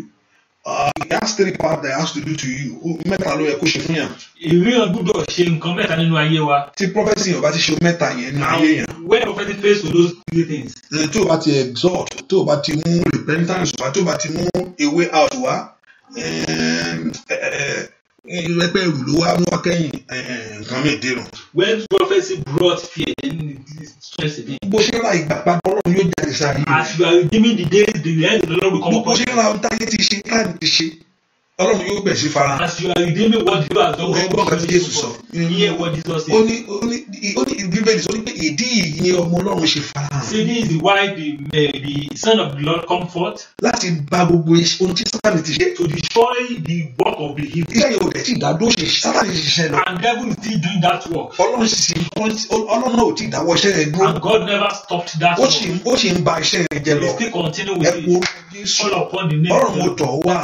ìyá uh, three part that I have to do to you mẹ́ta ló yẹ kó ṣe fún yàn. ìríran gbúdọ̀ ṣe nǹkan mẹ́ta nínú ayé wa. tí prophecy yóò bá ti ṣe mẹ́ta yẹn nínú ayé yẹn. when prophecy fails to those three things. tó o bá ti exalt tó o bá ti mú repentance wá tó o bá ti mú a way out wá um, eh, eh, ẹgbẹ́ ló wá mú ọkẹ́yìn nǹkan mi dìrùn. when prophecy brought fear then it stress again. bó ṣe ra ìgbà papọ̀ ọlọ́run yóò jáde sáré. as you are giving the days the end of the Lord will come upon you. bó ṣe ra ọ̀tá yẹn ti ṣe táàdì ti ṣe ọlọ́run yóò bẹ̀ sí fara. as you are redeeming what you are doing. ọgbọ́n kan tí Jésù sọ. iye wọ Jesus is. ó ní ó ní bíbélì sọ wípé ìdí yìí ni ọmọ ọlọ́run ṣe fara say this is why the uh, the son of the Lord come forth. láti bà gbogbo ohun tí sátani ti ṣe. to destroy the work of the evil. iṣẹ́ yóò dẹ̀ ti dádó ṣe sátani ti ṣiṣẹ́ lọ. and devil is still doing that work. ọlọ́run sì ọlọ́run náà ò tí ì dáwọ́ iṣẹ́ rẹ̀ dúró. and God never stopped that work. ó sì ó sì ń bà iṣẹ́ rẹ̀ jẹ́ lọ. he still continue with it. ẹ kú ọlọ́run mo tọ̀ wá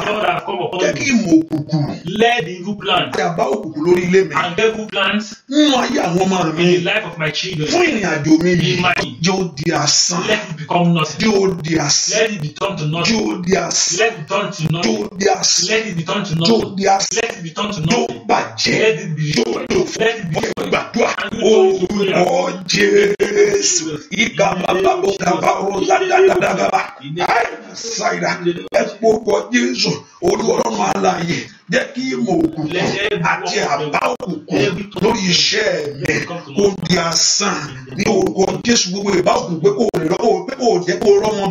ìmọ̀ òkùnkùn. led the evil plan. dàbá òkùnkùn lórí ilé mi. and devil plans. nínú ayé àwọn ọmọ mi. in the life of my children. fún ìrìn àjò mi yìí. in my jẹ́ ó di asán. let it become nothing. jẹ́ ó di asán. let it be turned to nothing. jẹ́ ó di asán. let it turn to nothing. jẹ́ ó di asán. let it be turned to nothing. jẹ́ ó di asán. let it be turned to nothing. jọ́ bàjẹ́. let it be jọ́ dòfò. let it be jọ́ gbàdúrà. orúkọ Jésù. ìgbà bàbá bò kàbá ó ládàdàdàdà. àìsàn ìdá ẹ̀ pọ̀ pọ̀ Jésù. olúwa ọlọ́run alààyè jẹ́ kí ìmọ̀ òkùnkùn àti àbá lórí iṣẹ́ mi kó di asán ní orúkọ Jésù gbogbo ìbá pé kò lè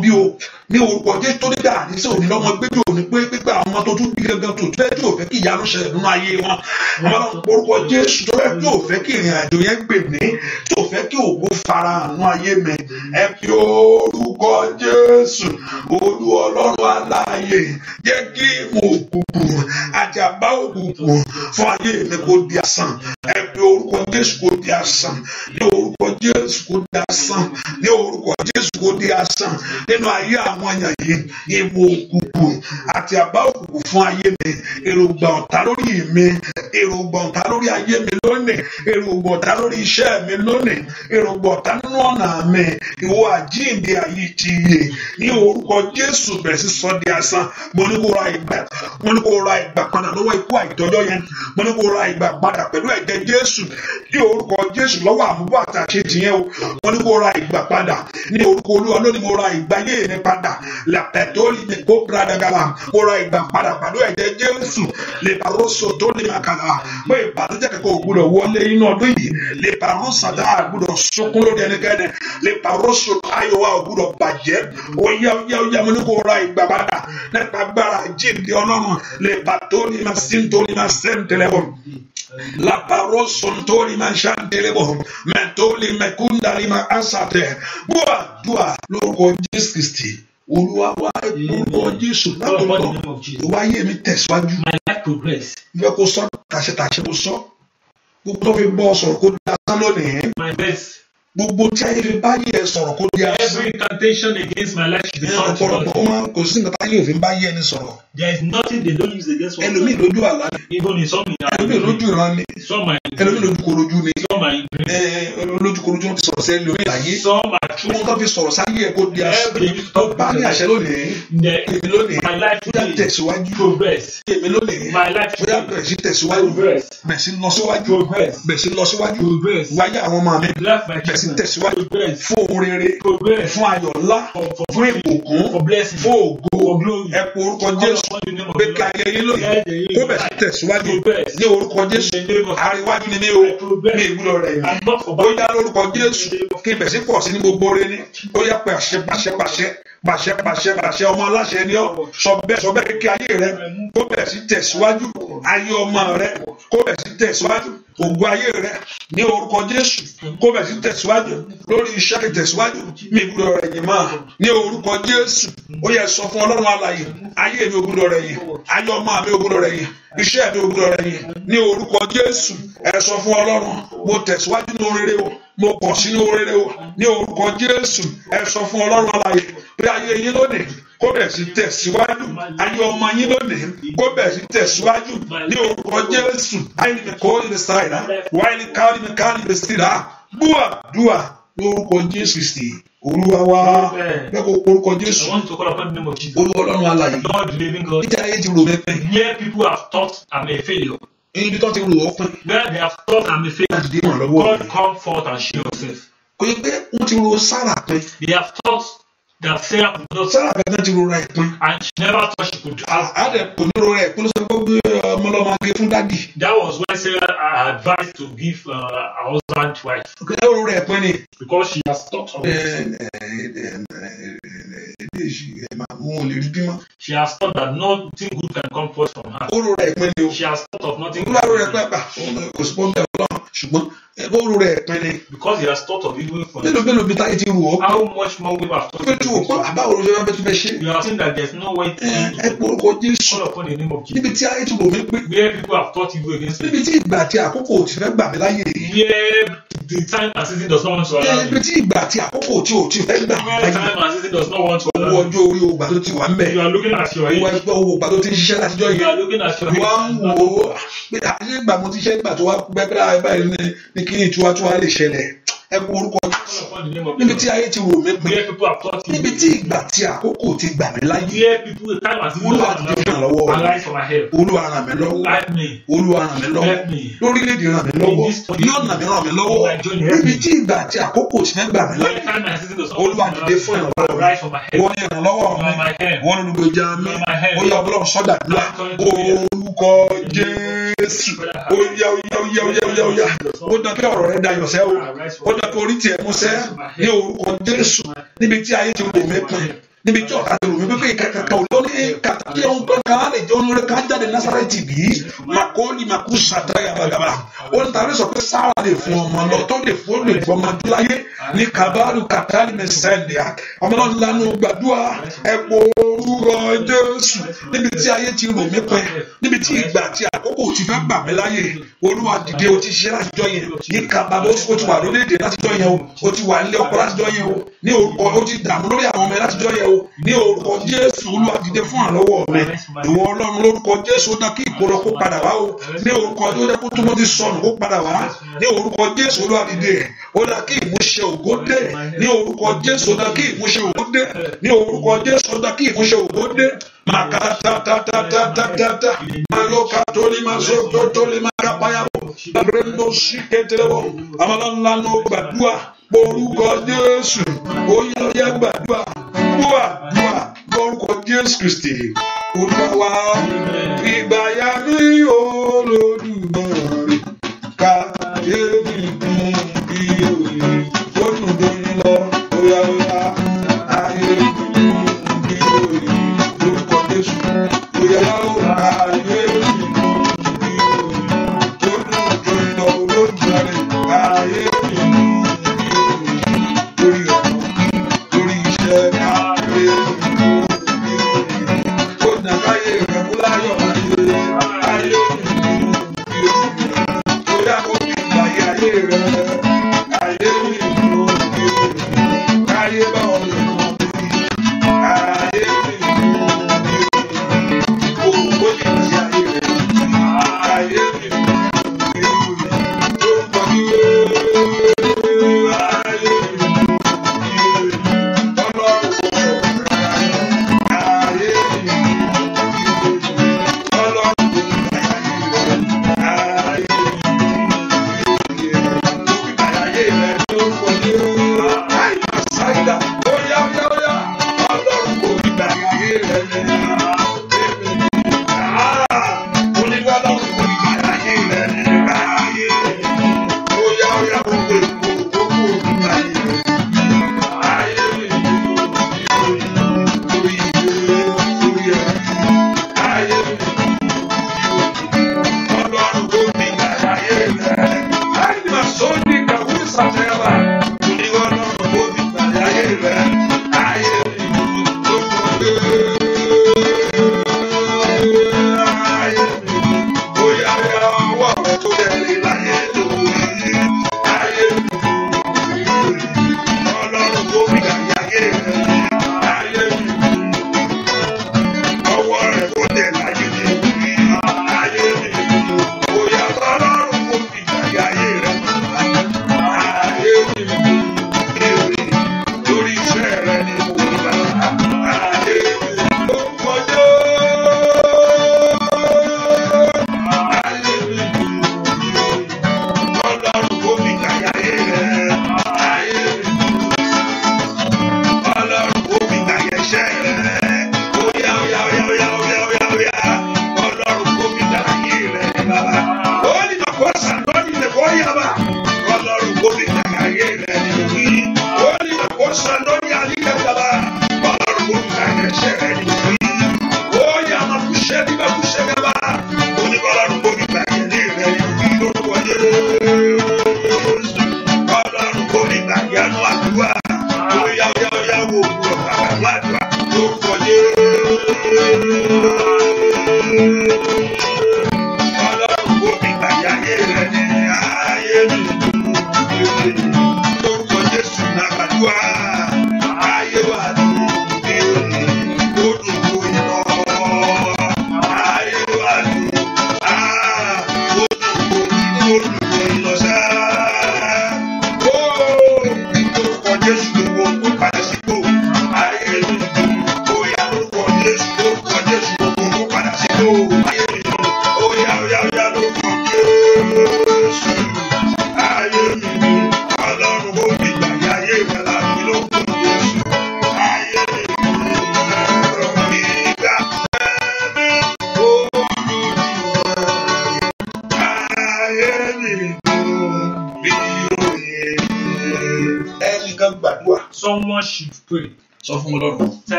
bí o ní orúkọ Jésù tó dídà àníṣe òní lọ́mọ gbẹ́jọ́ òní pé pípẹ́ àwọn tó tún bí gangan tó tún ẹjọ́ òfẹ́ kí ìyanu ṣẹlẹ̀ nínú ayé wọn wọn lọ orúkọ Jésù tó ẹjọ́ òfẹ́ kí ìrìn àjò yẹn gbè mí tó fẹ́ kí ògo fara àánú ayé mi ẹ fi orúkọ Jésù olú ọlọ́run aláàyè jẹ́ kí mo òkùnkùn àjàbá òkùnkùn fún ayé mi kó di asán Jésù kò di asán ní orúkọ Jésù kò di asán ní orúkọ Jésù kò di asán nínú ayé àwọn èèyàn yìí ìmọ̀ òkùnkùn àti àbá òkùnkùn fún ayé mi èròǹgbà ọ̀tá lórí mi èròǹgbà ọ̀tá lórí ayé mi lónìí èròǹgbà ọ̀tá lórí iṣẹ́ mi lónìí èròǹgbà ọ̀tá nínú ọ̀nà mi ìwọ àjíǹde ayé ti yè ní orúkọ Jésù bẹ̀rẹ̀ sí sọ di asán mo ní kó ra ìgbà mo ní kó ra ìgbà padà lọ́wọ́ ikú àìtọ́jọ́ yẹn mo ní kó ra ìgbà padà pẹ̀lú ẹ̀jẹ̀ Jésù ní orúkọ Jésù lọ́wọ́ àmúbọ̀ àtàṣe tìyẹn o wọ́n ní kó ra ìgbà padà ní orúkọ Olúwa lónìí mo ra ìgbà yé mi padà làpẹ̀tọ́lì ní kó bradagala mo ra ìgbà padà pàdé ẹ̀jẹ̀ Jésù lè parọ́ so tó lè má kàlà pé ìbànújẹ́ kẹ́kọ̀ọ́ gbọ́dọ̀ wọlé inú ọdún yìí lè parọ́ sàdá gbọ́dọ̀ sunkún lóde ẹnikẹ́ni lè parọ́ so ayọ̀ wa gbọ́dọ̀ bàjẹ́ oyá oyá oyá mo ní kó ra ìgbà padà nípa agbára jíǹde ọlọ́run lè pàtó ní ma sí nítorí ma sẹ́ńtẹ̀lẹ́wọ̀n làpàrọ̀ sọ̀ntó ní mashandelebo mẹtọlẹ mẹkúndàlímà ansàtẹ gbọdọ àdúrà lórúkọ Jésù Kristi olúwa wa lórúkọ Jésù látọ̀tọ̀ ìwáyé mi tẹ̀síwájú ìfẹ́ kó sọ tàṣetàṣe kó sọ gbogbo tó fi bọ́ sọ̀rọ̀ kó dá sálọ́nì gbogbo tí ayé fi báyé ẹ sọ̀rọ̀ kó di asán. every incantation against my life should be found to God. ọ̀pọ̀lọpọ̀ ó kò sí nǹkan táyé òfin báyé ẹni sọ̀rọ̀. there is nothing they don't use against one another. ẹlòmíì lójú àlá ni. even in some in our ẹlòmíì lójú ìran ni. some are ẹlòmíì lójú korojú ni. some are in dream olójúkorojú wọn ti sọ̀rọ̀ sẹ́yìn lómi ìlàyé wọn kàn fi sọ̀rọ̀ sáyé ẹ̀ kó di àṣẹ tó bá ní àṣẹ lónìí èmi lónìí bóyá tẹ̀síwájú èmi lónìí bóyá bẹ̀rẹ̀ sí tẹ̀síwájú bẹ̀rẹ̀ sí lọ síwájú bẹ̀rẹ̀ sí lọ síwájú wáyé àwọn ọmọ mi bẹ̀rẹ̀ sí tẹ̀síwájú fún orere fún ayọ̀ ńlá fún ìbùkún fún ògo ẹ̀pọ̀ orúkọ Jésù pé ká ayẹyẹ lónìí kó bẹ̀rẹ̀ sí tẹ̀síwájú ní orúkọ Jésù àríwájú ni mí o mi ìwúlọ rẹ̀ yìí yá lórúkọ Jésù kí ibẹ̀ sí pọ̀ sí ní gbogbo rẹ ní ó yá pàṣẹ pàṣẹ pàṣẹ pàṣẹ pàṣẹ pàṣẹ ọmọ aláṣẹ ni ọ sọ bẹ́ẹ̀ sọ bẹ́ẹ̀ kí ayé rẹ kó bẹ̀ sí tẹ̀síwájú ayé ọmọ rẹ kó bẹ̀ sí tẹ̀síwájú ògùn ayé rẹ ní orúkọ Jésù kó bẹ̀ sí tẹ̀síwájú lórí iṣẹ́ tẹ̀síwájú mi gbúdọ̀ rẹ̀ yìí máa ní orúkọ Jésù ó yẹ sọ fún Ọlọ́run alààyè ayé mi ògùdọ̀ rẹ̀ yìí ayé ọmọ mi ògùdọ̀ rẹ̀ yìí iṣẹ́ mi ògùdọ̀ rẹ̀ yìí ní orúkọ Jésù ẹ sọ fún Ọlọ́run mo tẹ̀síwájú ní oríire o mo pọ̀ sínú rere o ní orúkọ Jésù ẹ sọ fún Ọlọ́run alààyè pé ayé yín lónìí kó bẹ̀ sí tẹ̀síwájú ayé ọmọ yín lónìí kó bẹ̀ sí tẹ̀síwájú ní orúkọ Jésù ayé mi kò ní sáyà wáyé ní kárí mi kárí mi sí ra gbúà dùà ní orúkọ Jésù Kristi olúwa wa bẹ́ẹ̀ kó orúkọ Jésù olúwa Ọlọ́run alààyè níta ayé ti rò mẹ́fẹ́. Here ibi tó ti rò ó where they have thought and been faithful. God come forth and show Himself. kò yẹ pé wọ́n ti rò Sarah pin. they have thought that Sarah could not. Sarah pin náà ti rò ra ẹ̀ pin. and she never thought she could. àdẹ kò ní rò ra ẹ̀ pin ló sọ pé gbé uh, gé fún dádì. that was when Sarah advised to give uh, her husband wife. kò ní rò ra ẹ̀ pin ni. because she has thought of it lè ṣe máa wọn ò lè rí bímọ. she has thought that nothing good can come forth from her. oró rẹ̀ pin ni o. she has thought of nothing. olúwarò rẹ̀ pàpà kò sí pọ́ńbẹ́ ọlọ́run ṣùgbọ́n oró rẹ̀ pin ni. because he has thought of evil for mélòó mélòó bí táyé ti wò ó. how much more we have thought. péjú òpó àbáwò ló fẹ́ fẹ́ fẹ́ ṣe. you have seen that there is no way to do it. ẹ pé orúkọ Jésù. call upon the name of Jesus. níbi tí ayé ti wò mí pé. where people have thought evil against me. níbi tí ìgbà year the time and season does not want to allow you. ibi tí ìgbà àti àkókò tí o ti fẹ́ gbà. where time and season does not want to allow you. owó ọjọ́ orí ògbà tó ti wà ń bẹ̀. you are looking at your age. owó ògbà tó ti ń ṣiṣẹ́ látijọ́ yẹn. you are looking at your age. wọ́n ń wo pé àyè ìgbà mo ti ṣe ìgbà tó wá pẹ́pẹ́ láàbáyé ní kíní tiwa tó lè ṣẹlẹ̀ ẹ kú orúkọ jésù níbi tí ayé ti rò mí pin níbi tí ìgbà tí àkókò ti gbà mí láyé olúwa ti ràn lọ́wọ́ olúwa ràn mí lọ́wọ́ olúwa ràn mí lọ́wọ́ lórílẹ̀‐èdè ràn mí lọ́wọ́ yóò ràn mí ràn mí lọ́wọ́ níbi tí ìgbà tí àkókò ti ní gbà mí láyé olúwa dìde fún ìrànlọ́wọ́ mi wọ́n ní ìrànlọ́wọ́ mi wọ́n ní olùgbèjà mi ó yọ ọlọ́run sọ́dà gbà orúkọ jésù ó yá ó yá ó yá ó yá ó yá ó dán kí ọ̀rọ̀ rẹ dayọ̀ sẹ́ o ó d olùkọ́ orí tiẹ̀ mú sẹ́ ní orúkọ Jésù níbi tí ayé ti rò mẹ́pin níbi tí ọ̀tá ti rò mí pé kàkà olórí kàtàkì ọ̀hún tó kàn án lè jẹ́ olórí kan jáde Násárẹ́tì bí màkóòlì màkú sàdá gàbàgàbà ó ní tàbí sọ pé sáwà lè fún ọmọ lọ́tọ́ lè fún olè fún ọmọ adúláyé ní kábàárù kàtàlì mẹsẹ̀ndìá ọmọ náà lanu gbàdúrà ẹ̀pọ̀ orúkọ Jésù níbi tí ayé ti rò mí pẹ́ níbi tí ìgbà àti àkókò ti fẹ́ gbà mí láyè Olúwa dìde o ti ṣe látijọ́ yẹn ní kábàárù o ti wà lórílẹ̀‐èdè látijọ́ yẹn o o ti wà nílé ọkọ látijọ́ yẹn o ní o ti dààmú lórí àwọn ọmọ látijọ́ yẹn o o ní orúkọ jésù olúwa dìde fún àlọ́wọ́ mi ìwọ ọlọ́run lórúkọ jésù ó dán kí ìkorò kó padà wá o ní orúkọ tó jẹ́ kó túmọ̀ ti sọnù kó padà wá ní orúkọ jésù olúwa dìde ó dán kí ìmúṣẹ ògo dé ní orúkọ jésù ó dán kí ìmúṣẹ ògo dé ní orúkọ jésù ó dán kí ìmúṣẹ ògo dé makatatatatatatatata malokatolimazototolimakapayawo abrendo siketelewo amalanlano gbàdúrà. Orúkọ Jésù ó yá yá gbàdúrà gbọ́ àdúrà lórúkọ Jésù Kristi Olúwa ìgbà yá ní olódù.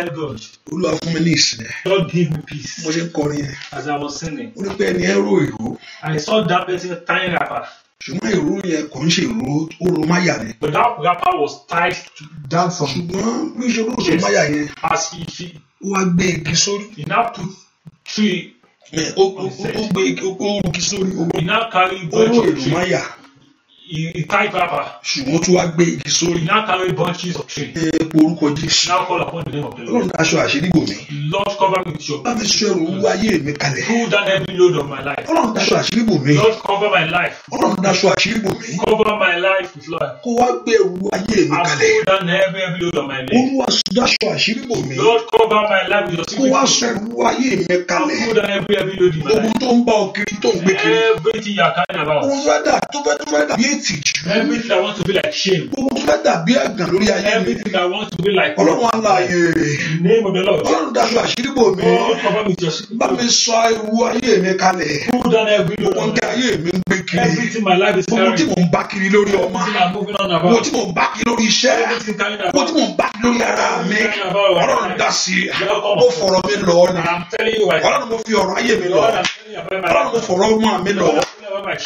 thank God. Olúwa fún mi ní ìsinmi. God give me peace. Mo ṣe ń kọrin yẹn. As I was singing. Ó ní pé ẹni ẹ ró ìró. I saw that person tying wrapper. Ṣùgbọ́n ìró yẹn kò ń ṣe ìró oró máyà ni. But that wrapper was tied to that song. Ṣùgbọ́n bí ṣe oró máyà yẹn. As he she. Ó wá gbé igi sórí. He now put tree. Ó gbé igi sórí. He now carry bunch of tree. Oró ìró máyà. He tied wrapper. Ṣùgbọ́n ó tún gbé igi sórí. He now carry bunches of tree pe orúkọ Jésù. now call upon the name of the Lord. aṣọ àṣírí bò mí. Lord cover me with your blood. Bá mi sọ ẹrù owó ayé mi kalẹ̀. Pull down every load of my life. Ọlọ́run aṣọ àṣírí bò mí. Lord cover my life. Ọlọ́run aṣọ àṣírí bò mí. Cover my life with love. Kó wá gbé ẹrù ayé mi kalẹ̀. And pull down every every load of my life. Olúwa aṣọ àṣírí bò mí. Lord cover my life with your spirit. Kó wá sọ ẹrù ayé mi kalẹ̀. And pull down every every load of my life. Ogun tó ń bá ọ kiri tó ń gbé kiri. Everything you are carrying about. Ohun fẹ́ tó fẹ́ tó fẹ́ dà bí ètìjú. Everything I want to be like shame. Ohun fẹ́ bí àgàn lórí ayé mi. Everything I want want to be like. Ọlọ́run alààyè. Name of the Lord. Ọlọ́run dájú àṣírí bò mí. God oh, cover me with your Bá mi sọ ewu ayé mi kalẹ̀. Pull down every load. Ohun tí ayé mi ń gbé kiri. Everything my life is carrying. Ohun tí mò ń bá kiri lórí ọmọ. Ohun tí mò ń bá kiri lórí iṣẹ́. Ohun tí mò ń bá kiri lórí ara mi. Ọlọ́run dá sí Mo fọ̀rọ̀ mi lọ ni. Ọlọ́run mo fi ọ̀rọ̀ ayé mi lọ. Ọlọ́run mo fọ̀rọ̀ ọmọ mi lọ.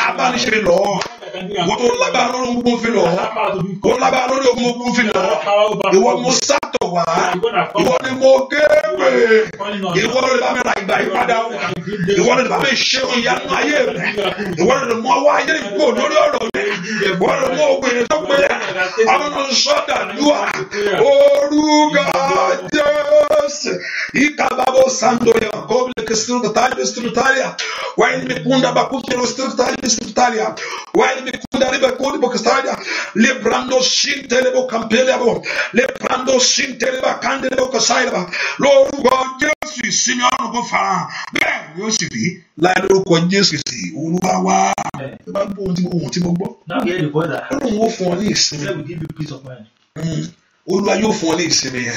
Abániṣe lọ. Wọ́n lábàá lórí ogun fi lọ. Wọ́n lábàá lórí ogun fi lọ. Ìwọ almoçar tọ̀ wá ìwọ ni mo gé pè ìwọ ni bá mi ra ìgbà yìí padà wá ìwọ ni bá mi ṣe ìyanu ayé mi ìwọ ni mo wá ayé ìgbò lórí ọ̀rọ̀ mi ìwọ ni mo gbé ní tó pé ọmọ sọ́dà lúwa orúkọ ìkàbàbọ̀ sandori ọ̀gọ́bìlẹ̀ kìsìtìrì tàlẹ̀ kìsìtìrì tàlẹ̀ wáyé mi kúndà bá kúndà kìsìtìrì tàlẹ̀ kìsìtìrì tàlẹ̀ lè brando sí tẹ́lẹ̀ bọ̀ kàmpẹ́lẹ̀ bọ̀ lè brando sí. Shinteleba Kandelo Kosaiba. Lórúkọ Jésù ìsinmi ọ̀run kò fara. Bẹ́ẹ̀ ni ó sì rí lórúkọ Jésù sí Olúwa wá. Ẹ bá gbọ́ ohun tí mo gbọ́. Ọlọ́run ó fún ọ ní ìsinmi. Hmm. Olúwa yóò fún ọ ní ìsinmi yẹn.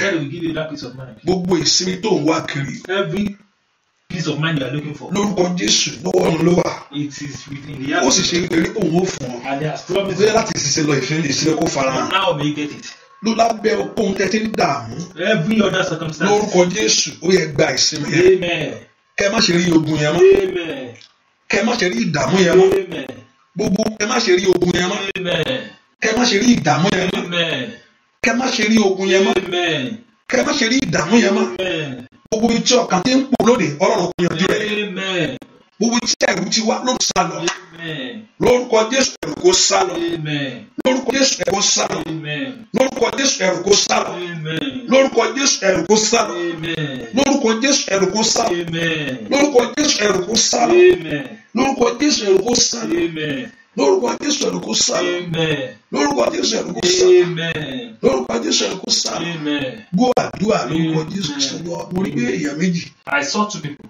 Gbogbo ìsinmi tó ń wá kiri peace of mind you are looking for. lórúkọ jésù lọ́wọ́ ọ̀run ló wà. it is within the heart. ó sì ṣe ìpèrè òun ó fún ọ. and he has promised. bóyá láti ṣiṣẹ́ lọ ìfẹ́ lè ṣe kó fara now may you get it ló lábẹ́ ohun tẹ́ ti ń dààmú. every other circumstance. lórúkọ jésù ó yẹ gba ìsinmi yẹn. amen. kẹ má ṣe rí ogun yẹn mọ́. amen. kẹ má ṣe rí ìdààmú yẹn mọ́. amen. gbogbo kẹ má ṣe rí ogun yẹn mọ́. amen. kẹ má ṣe rí ìdààmú yẹn mọ́. amen. kẹ má ṣe rí ogun yẹn mọ́. amen. kẹ má ṣe rí ìdààmú yẹn mọ́. amen. gbogbo iṣẹ́ ọkàn tí ń pò lóde ọlọ́run kò yanjú rẹ̀. amen. gbogbo iṣẹ́ ìrú ti wá ló sálọ. amen lórúkọ jésù ẹ̀rù kó sá lọ lórúkọ jésù ẹ̀rù kó sá lọ lórúkọ jésù ẹ̀rù kó sá lọ lórúkọ jésù ẹ̀rù kó sá lọ lórúkọ jésù ẹ̀rù kó sá lọ lórúkọ jésù ẹ̀rù kó sá lọ lórúkọ jésù ẹ̀rù kó sá lọ lórúkọ jésù ẹ̀rù kó sá lọ lórúkọ jésù ẹ̀rù kó sá lọ lórúkọ jésù ẹ̀rù kó sá lọ àdúrà lórúkọ jésù sọ lọ mo rí pé méjì. I saw two people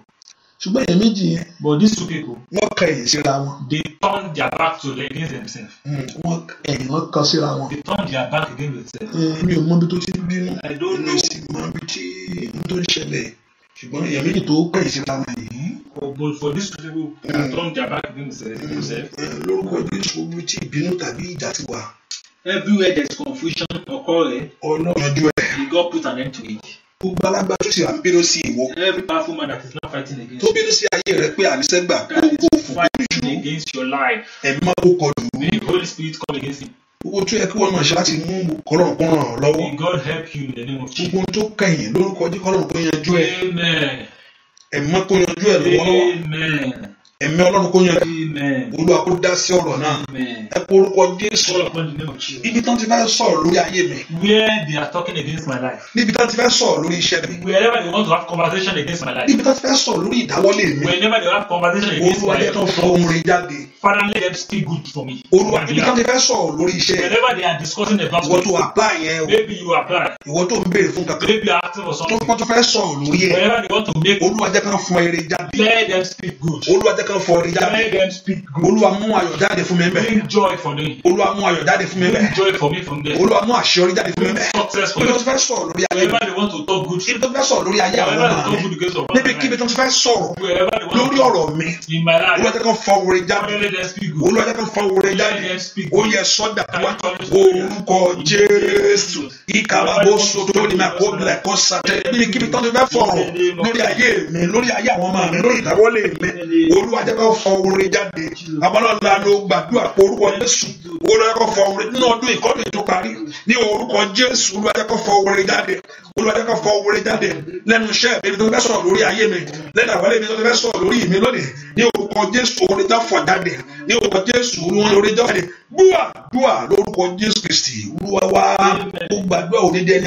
ṣùgbọ́n èyí méjì yẹn. but these two people. wọ́n kọ ẹ̀yìn síra wọn. they turn their back to the against themselves. Hmm, wọ́n ẹ̀yìn wọn kọ síra wọn. they turn their back against themselves. Hmm, mi ò mọ ibi tó ti ń I don't know. mi ò sì mọ ibi tó ń ṣẹlẹ̀ ṣùgbọ́n èyàn méjì tó kọ ẹ̀yìn síra wọn but for these two people. they hmm. turn their back against themselves. lórúkọ Jésù omi tí ìbínú tàbí ìjà ti wà. everywhere there is confusion occur. ọlọ́run ojú God put an end to it gbogbo alágbàtú tí wà ń bínú sí ìwọ. every powerful man that is not fighting against you. tó bínú sí ayé rẹ pé àníṣẹ́gbà kó that is jù ú. against your life. ẹ̀mí máa kó kọlù ú. may the holy spirit come against you. owó tó yẹ kí wọ́n náà ṣe láti mú kọ́lọ́run kó ràn ọ́ lọ́wọ́. may God help you in the name of Jesus. gbogbo ohun tó kẹyìn lórúkọ jí kọ́lọ́run kó yanjú ẹ̀. amen. ẹ̀mí máa kó yanjú ẹ̀ lọ́wọ́. amen ẹ̀mí ọlọ́run kò yàn olúwa kó dá sí ọ̀rọ̀ náà ẹ kó orúkọ jésù ibi tán ti fẹ́ sọ̀rọ̀ lórí ayé mi. where they are talking against my life. níbi tán ti fẹ́ sọ̀rọ̀ lórí iṣẹ́ mi. wherever they want to have conversation against my life. níbi tán ti fẹ́ sọ̀rọ̀ lórí ìdáwọ́lé mi. whenever they have conversation against my life. olúwa lẹ́tọ̀ fọ ohun rẹ̀ jáde. father let them speak good for me. olúwa ibi tán ti fẹ́ sọ̀rọ̀ lórí iṣẹ́. whenever they are discussing about. ìwọ tó apply yẹn o. maybe you apply. ìwọ tó ń béèrè fún kankan. maybe you are for something. tó kọ́ tó fẹ́ sọ̀rọ̀ lórí ẹ̀. whenever they want to make. olúwa jẹ́ kán fún kan for the journey. Make them speak good. Olúwa mú ayọ̀ jáde fún mi bẹ̀. Bring joy for them. Olúwa mú ayọ̀ jáde fún mi bẹ̀. Bring joy for me from there. Olúwa mú àṣeyọrí jáde fún mi bẹ̀. Success for me. Bí wọ́n ti fẹ́ sọ̀rọ̀ lórí ayé. Wherever they want to talk good. Ibi tó fẹ́ sọ̀rọ̀ lórí ayé àwọn ọmọ mi. Níbi kíbi tó fẹ́ sọ̀rọ̀ lórí ọ̀rọ̀ mi. Olúwa jẹ́ kan fọ orin jáde. Olúwa jẹ́ kan fọ orin jáde. Ó yẹ sọ́dà wá. Orúkọ Jésù. Ìkàbàbọ̀ sọ̀tọ̀ ni màá kó bìlẹ̀ kó sàtẹ̀. Níbi kíbi tó fẹ́ sọ̀rọ̀ lórí ayé mi, lórí ayé àwọn ọmọ mi, lórí ìdáwọ́lé mi. Olúwa wà jẹ́ kó fọ orin jáde abọ́lọ́lá ló gbàdúrà pé orúkọ Jésù olùwàjẹ́ kó fọ orin nínú ọdún ìkọ́ni tó parí ní orúkọ Jésù olùwàjẹ́ kó fọ orin jáde olùwàjẹ́ kó fọ orin jáde lẹ́nu iṣẹ́ mi tó fẹ́ sọ̀rọ̀ lórí ayé mi lẹ́nu àwọn ẹlẹ́mi tó fẹ́ sọ̀rọ̀ lórí mi lónìí ní orúkọ Jésù orin já fọ̀ jáde ní orúkọ Jésù orin já jáde gbúà gbúà lórúkọ Jésù Kristi olúwa wa gbàdúrà òní dẹni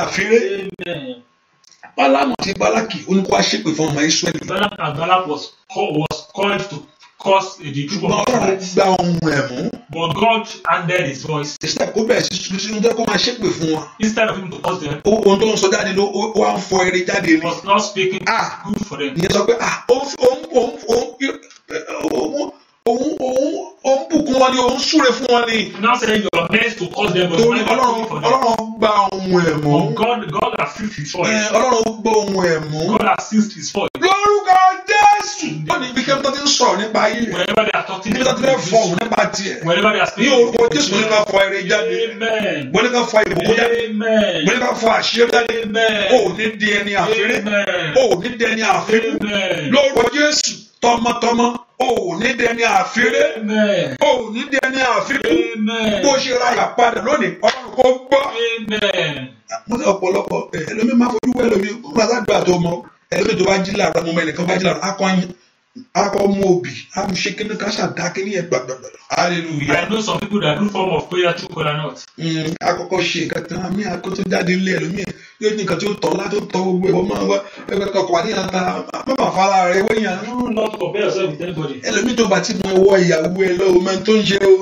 àfiré. Balaam àti Balaki oníkó aṣépè fún ọmọ Israẹli. Balak and Balak was called, was called to curse the people of Israel. Ṣùgbọ́n Ọlọ́run gba ohun ẹ̀ mú. But God handled his voice. Instead kó bẹ̀rẹ̀ sí sínú jẹ́ kó máa ṣépè fún wọn. Instead of him to curse them. Ohun tó ń sọ jáde ló wá ń fọ eré jáde ni. He was not speaking ah, good for them. Ìyẹn sọ pé ah òun òun òun òun òun òun òun bùkún wọn ni òun súre fún wọn ni. Now say your best to cause them. Torí Ọlọ́run Ọlọ́run ohùn ẹ̀ mú. God God assist his voice. Eh, Ọlọ́run gbọ́ ohùn ẹ̀ mú. God assist his voice. Lórúkọ Jésù. Ó ní ibi kẹ́mi tó ti ń sọ̀rọ̀ nípa ayé rẹ̀. Whenever they are talking. Ibi tó ti fẹ́ fọ òun nípa tiẹ̀. Whenever they are speaking. Ní orúkọ Jésù ní ká fọ èrè jáde. Amen. Mo ní ká fọ ìbùkún jáde. Amen. Mo ní ká fọ àṣírí jáde. Amen. O ò ní di ẹni àfẹ́rẹ́. Amen. O ò ní di ẹni àfẹ́rẹ́. Amen. Lórúkọ Jésù tọmọtọmọ ò ní dẹni àfiré ò ní dẹni àfikún bó ṣe ra ìyàpadà lónìí ọlọ́run kò gbọ́. mo ní ọ̀pọ̀lọpọ̀ ẹlòmíín máa fojú wẹ́ ẹlòmíín kó máa tó mọ ẹlòmíín tó bá jí làárọ̀ mọ́ ẹnìkan bá jí làárọ̀ akọ́yìn akọmu obi amuse kini kasa da kini yẹ gbagbagba hallelujah. I know some people that do form of prayer through kolanut. àkọ́kọ́ mm, ṣe kata mi akoto jáde nlé ẹlòmíì yóò ní nǹkan tí ó tọ́ la tó tọ́ gbogbo ẹ̀ wọ́n máa wá ẹgbẹ́ kọkọ wà níyàn ta má bàa fa ara rẹ wọ́n yàn. you not compare yourself with anybody. ẹlòmíì tó bá ti mọ ẹwọ ìyàwó ẹ lọ o máa tó ń ṣe o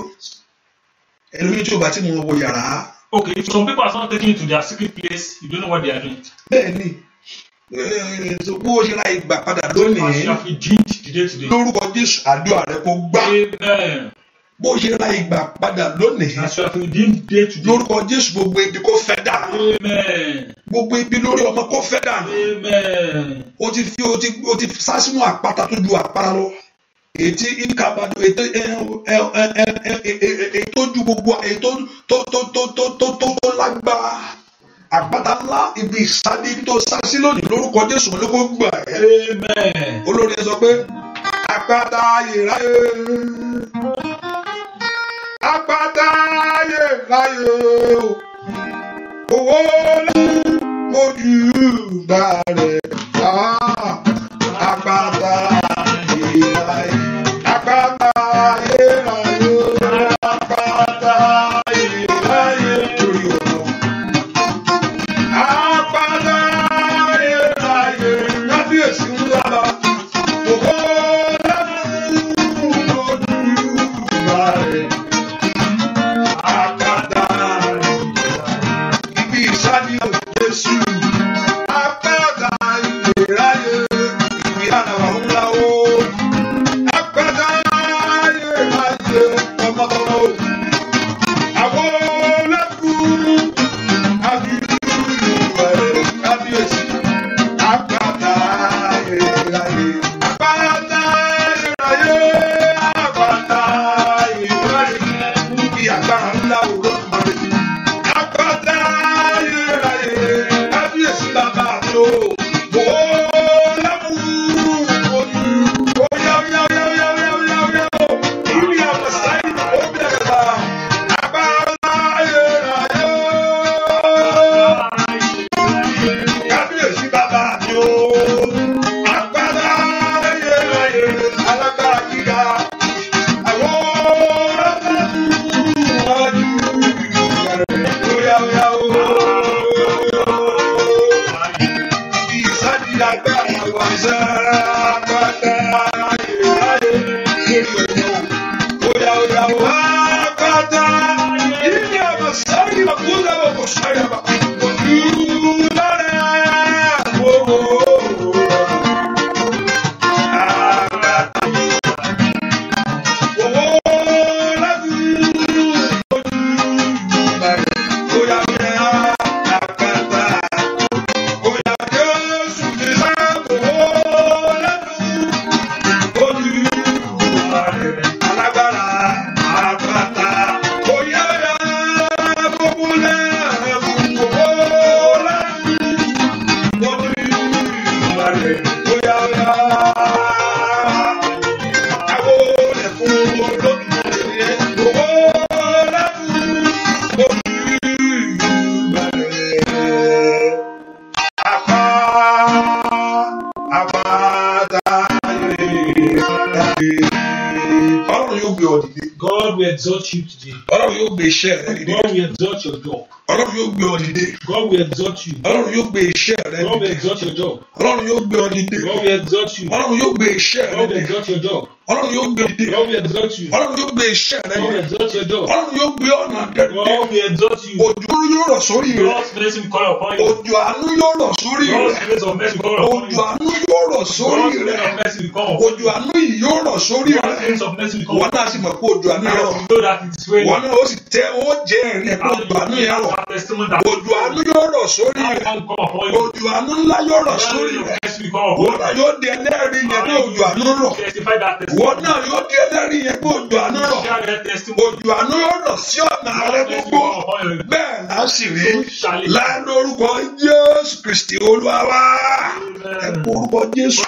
ẹlòmíì tó bá ti mọ ẹwọ yàrá. okay some people are not taking you to their secret place you don't know what they are doing. bẹ́ẹ̀ni bó o ṣe ra ìgbà padà lónìí. àṣàfihàn Today today. Lórúkọ Jésù àdúrà rẹ kó gbà. Amen. Bó ṣe ra ìgbà padà lónìí. As you have redeemed day today. Lórúkọ Jésù gbogbo ibi kó fẹ́ dà. Amen. Gbogbo ibi lórí ọmọ kó fẹ́ dà. Amen. O ti fi o ti o ti sá sínú àpáta tó ju àpáta lọ. Ètí ìkàbàdò ètò ètò ju gbogbo ètò tó tó tó tó tó tó lágbára àpáta ńlá ibi ìsádi ibi tó sásí lónìí lórúkọ Jésù ló kó gbà ẹ́ olórí ẹ sọ pé àpáta ìráyè àpáta ìráyè owó lẹ́yìn mo gbà rẹ̀ ah, àpáta. exalt you today. Ọlọ́run yóò gbé iṣẹ́ rẹ dìde. God will exalt your job. Ọlọ́run yóò gbé ọ dìde. God will exalt you. Ọlọ́run yóò gbé iṣẹ́ rẹ dìde. God will exalt your job. Ọlọ́run yóò gbé ọ dìde. God will exalt you. Ọlọ́run yóò gbé iṣẹ́ rẹ dìde. God will exalt your job ọlọ́run yóò gbé dìde ọlọ́run yóò gbé iṣẹ́ rẹ ọlọ́run yóò gbé ọ̀nà rẹ dìde òjò yóò rọ̀ sórí rẹ òjò àánú yóò rọ̀ sórí rẹ òjò àánú yóò rọ̀ sórí rẹ òjò àánú yìí yóò rọ̀ sórí rẹ wọn náà sì mọ̀ pé òjò àánú yẹn rọ̀ wọn náà ó sì tẹ ó jẹ́ ẹ̀rín pé òjò àánú yẹn rọ̀ òjò àánú yóò rọ̀ sórí rẹ òjò àánú ńlá yóò rọ̀ sórí rẹ wọn náà yóò di ẹlẹ́rìí yẹn ní òjò àánú rọ̀ ìwọ náà yóò di ẹlẹ́rìí yẹn pé òjò àná rọ̀ òjò àná rọ̀ sí ọ̀nà rẹ gbogbo bẹ́ẹ̀ náà sì rí láì lórúkọ Jésù Kristi Olúwa wa ẹ kó orúkọ Jésù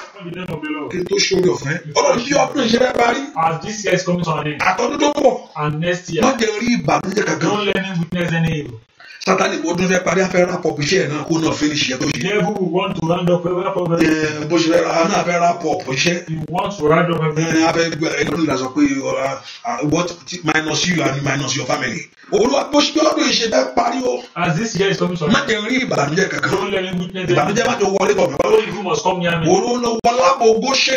kí n tó ṣe orí ọ̀fẹ́ ọlọ́run yí ọdún ìṣẹ́lẹ̀ parí. as this year is coming to an end. àtọ́dún tó pọ̀. and next year. má jẹ́ rí ìbànújẹ́ kankan. any evil sátani kò dún fẹ́ parí afẹ́ rap up iṣẹ́ náà kó náà finish yẹ tó ṣe. devil will want to round up rap up. Eh, bó ṣe fẹ́ ra a náà fẹ́ rap up iṣẹ́. he wants to round up. abẹ́ gbẹ ẹ̀dọ́rùn ìdásọ pé oh, ah, ah, what minus you and minus your family. olúwa bó ṣe lọ́dún yìí ṣe fẹ́ parí o. as this year is coming to an end. má jẹ́ rí ìbànújẹ́ kankan. don't let him witness it. ìbànújẹ́ má jẹ́ wọlé bọ̀ mi. you must come near me. olú lọ wọlé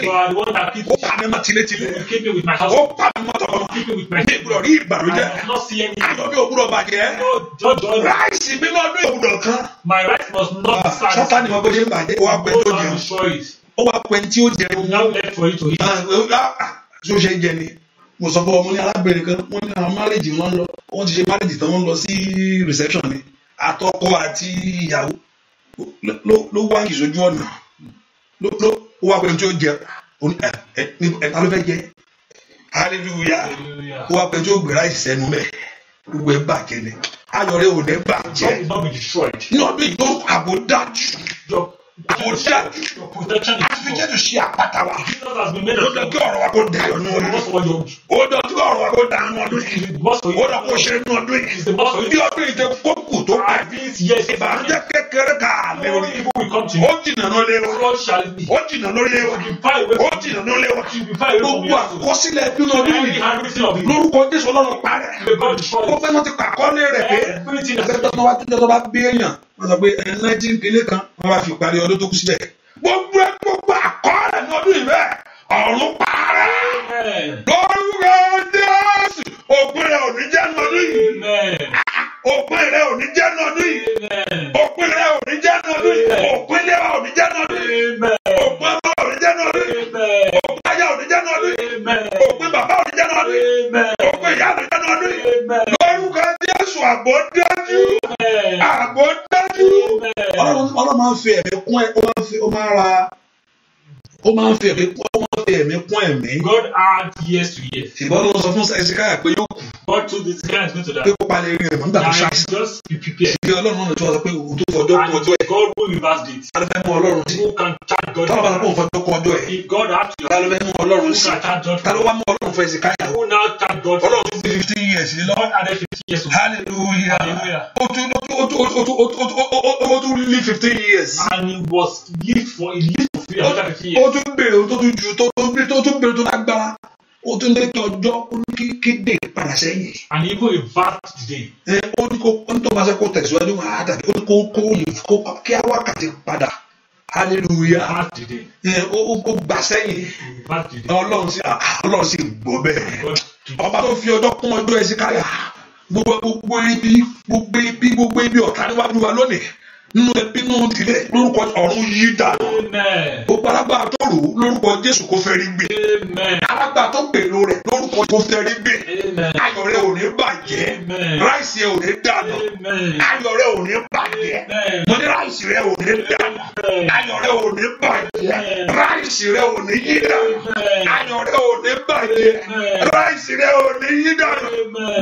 you are the one that keep me. ó you keep me with my house. ó pa mi mọ́ tọkọ. keep me with my children. mi gbọ́dọ̀ rí ìbànújẹ́. I have not seen rice mi lọ́dún ìwúdọ̀ kan. my rice was not ah, satisfied. sátani wọn bó ṣe bàjẹ́ ó wá pẹ́ tó jẹun ó wá pẹ́ tí ó jẹun. now left for it to eat. tó ah, ah, ṣe jẹ ni mo sọ fún ọmọ ní arábìnrin kan wọn ní àwọn márèjì wọn lọ wọn ti ṣe márèjì tán wọn lọ sí reception ni àtọkọ àti ìyàwó ló wá kì í sojú ọ̀nà ló wá pẹ́ tí ó jẹ ẹ̀ta ló fẹ́ jẹ hallelujah ó wá pẹ́ tí ó gbé ráìsì sẹ́nu gbogbo ẹ bàjẹ́ ni ayọ̀ rẹ ò ní bàjẹ́. not be destroyed. not be yóò àbò dájú. your Àfijẹ́ tó ṣe àpáta wa. Ó dọ̀ kí ọ̀rọ̀ wa kó da ẹ̀yọ̀ nínú ọdún. Ó dọ̀ kí ọ̀rọ̀ wa kó da ẹ̀yọ̀ nínú ọdún yìí. Ó dọ̀ kó ṣe nínú ọdún yìí. Bí ọdún yìí tẹ kó kù tó pẹ́. Ìbànújẹ́ kékeré kà lé orí. Ó jìnà ló lé wa. Ó jìnà ló lé wa. Ó jìnà ló lé wa. Gbogbo àkọsílẹ̀ nínú ọdún yìí. Lórúkọ Jésù Ọlọ́run parẹ́. Ó fẹ́ wọ́n sọ pé nineteen kìíní kan wọ́n bá fi parí ọdún tó kù síbẹ̀ gbogbo ẹ gbogbo àkọọ́lẹ̀ ní ọdún yìí bẹ́ẹ̀ ọ̀run parẹ́ lórúkọ jésù òpin rẹ̀ ò jẹ́ ní ọdún yìí òpin rẹ̀ ò jẹ́ ní ọdún yìí òpin rẹ̀ ò jẹ́ ní ọdún yìí òpin rẹ̀ ò jẹ́ ní ọdún yìí òpin ọmọ ò jẹ́ ní ọdún yìí òpin aya ò jẹ́ ní ọdún yìí òpin bàbá ò jẹ́ ní ọdún yìí òpin ìyá Jésù àbò dájú. Àbò dájú. Ọlọ́run máa ń fi ẹ̀mí kún ẹ, ó máa ń ra ó máa ń fi ẹ̀mí kún ó máa ń fi ẹ̀mí kún ẹ̀mí. God adds years to years. ṣùgbọ́n ló sọ fún Hezekiah pé yóò kú. God told Hezekiah to go to that. pé kó palẹ̀ irin rẹ̀ mọ́ nígbà tó ṣáàṣì. just be prepared. ṣùgbọ́n Ọlọ́run náà tí wọ́n sọ pé òun tó fọjọ́ kọ ọjọ́ ẹ̀. God will reverse it. ta ló fẹ́ mú Ọlọ́run sí. who can charge God. tọ́lá bàtà kó òun fọjọ́ kọ ọjọ́ ẹ̀. if God had to. ta ló fẹ́ mú Ọlọ́run sí. ta ló wá mú Ọlọ́run fún Hezekiah. who now charge God. Ọlọ́run tún fi fifteen years yìí lọ. hallelujah. ó tún ó tún live fifteen years. and he was lived for he lived for fifteen years tún béèrè ohun tó tún ju tó tún béèrè tó lágbára ó tún lé kí ọjọ́ kéde padà sẹ́yìn. and even if bad day. ẹ ó ní kó ó ní tó máa ṣe kó tẹ̀síwájú wọn á tàbí ó ní kó kó lè kó kí á wákàtí padà hallelujah ẹ ó kó gbà sẹ́yìn ọlọ́run sì ah, ọlọ́run sì gbọ́ bẹ́ẹ̀ ọba tó fi ọjọ́ kún ọjọ́ ẹ sí káyà ah, gbogbo ibi gbogbo ibi gbogbo ibi ọ̀tá níwájú wa lónìí nínú ẹbí nínú ìdílé lórúkọ ọ̀run yí dànù gbogbo alágbà tó rò lórúkọ Jésù kò fẹ́rí gbé alágbà tó gbèrò rẹ̀ lórúkọ kò fẹ́rí gbé ayọ̀ rẹ̀ ò ní bàjẹ́ ráìsì rẹ̀ ò ní dànù ayọ̀ rẹ̀ ò ní bàjẹ́ mo ráìsì rẹ̀ ò ní dànù ayọ̀ rẹ̀ ò ní bàjẹ́ ráìsì rẹ̀ ò ní yí dànù ayọ̀ rẹ̀ ò ní bàjẹ́ ráìsì rẹ̀ ò ní yí dànù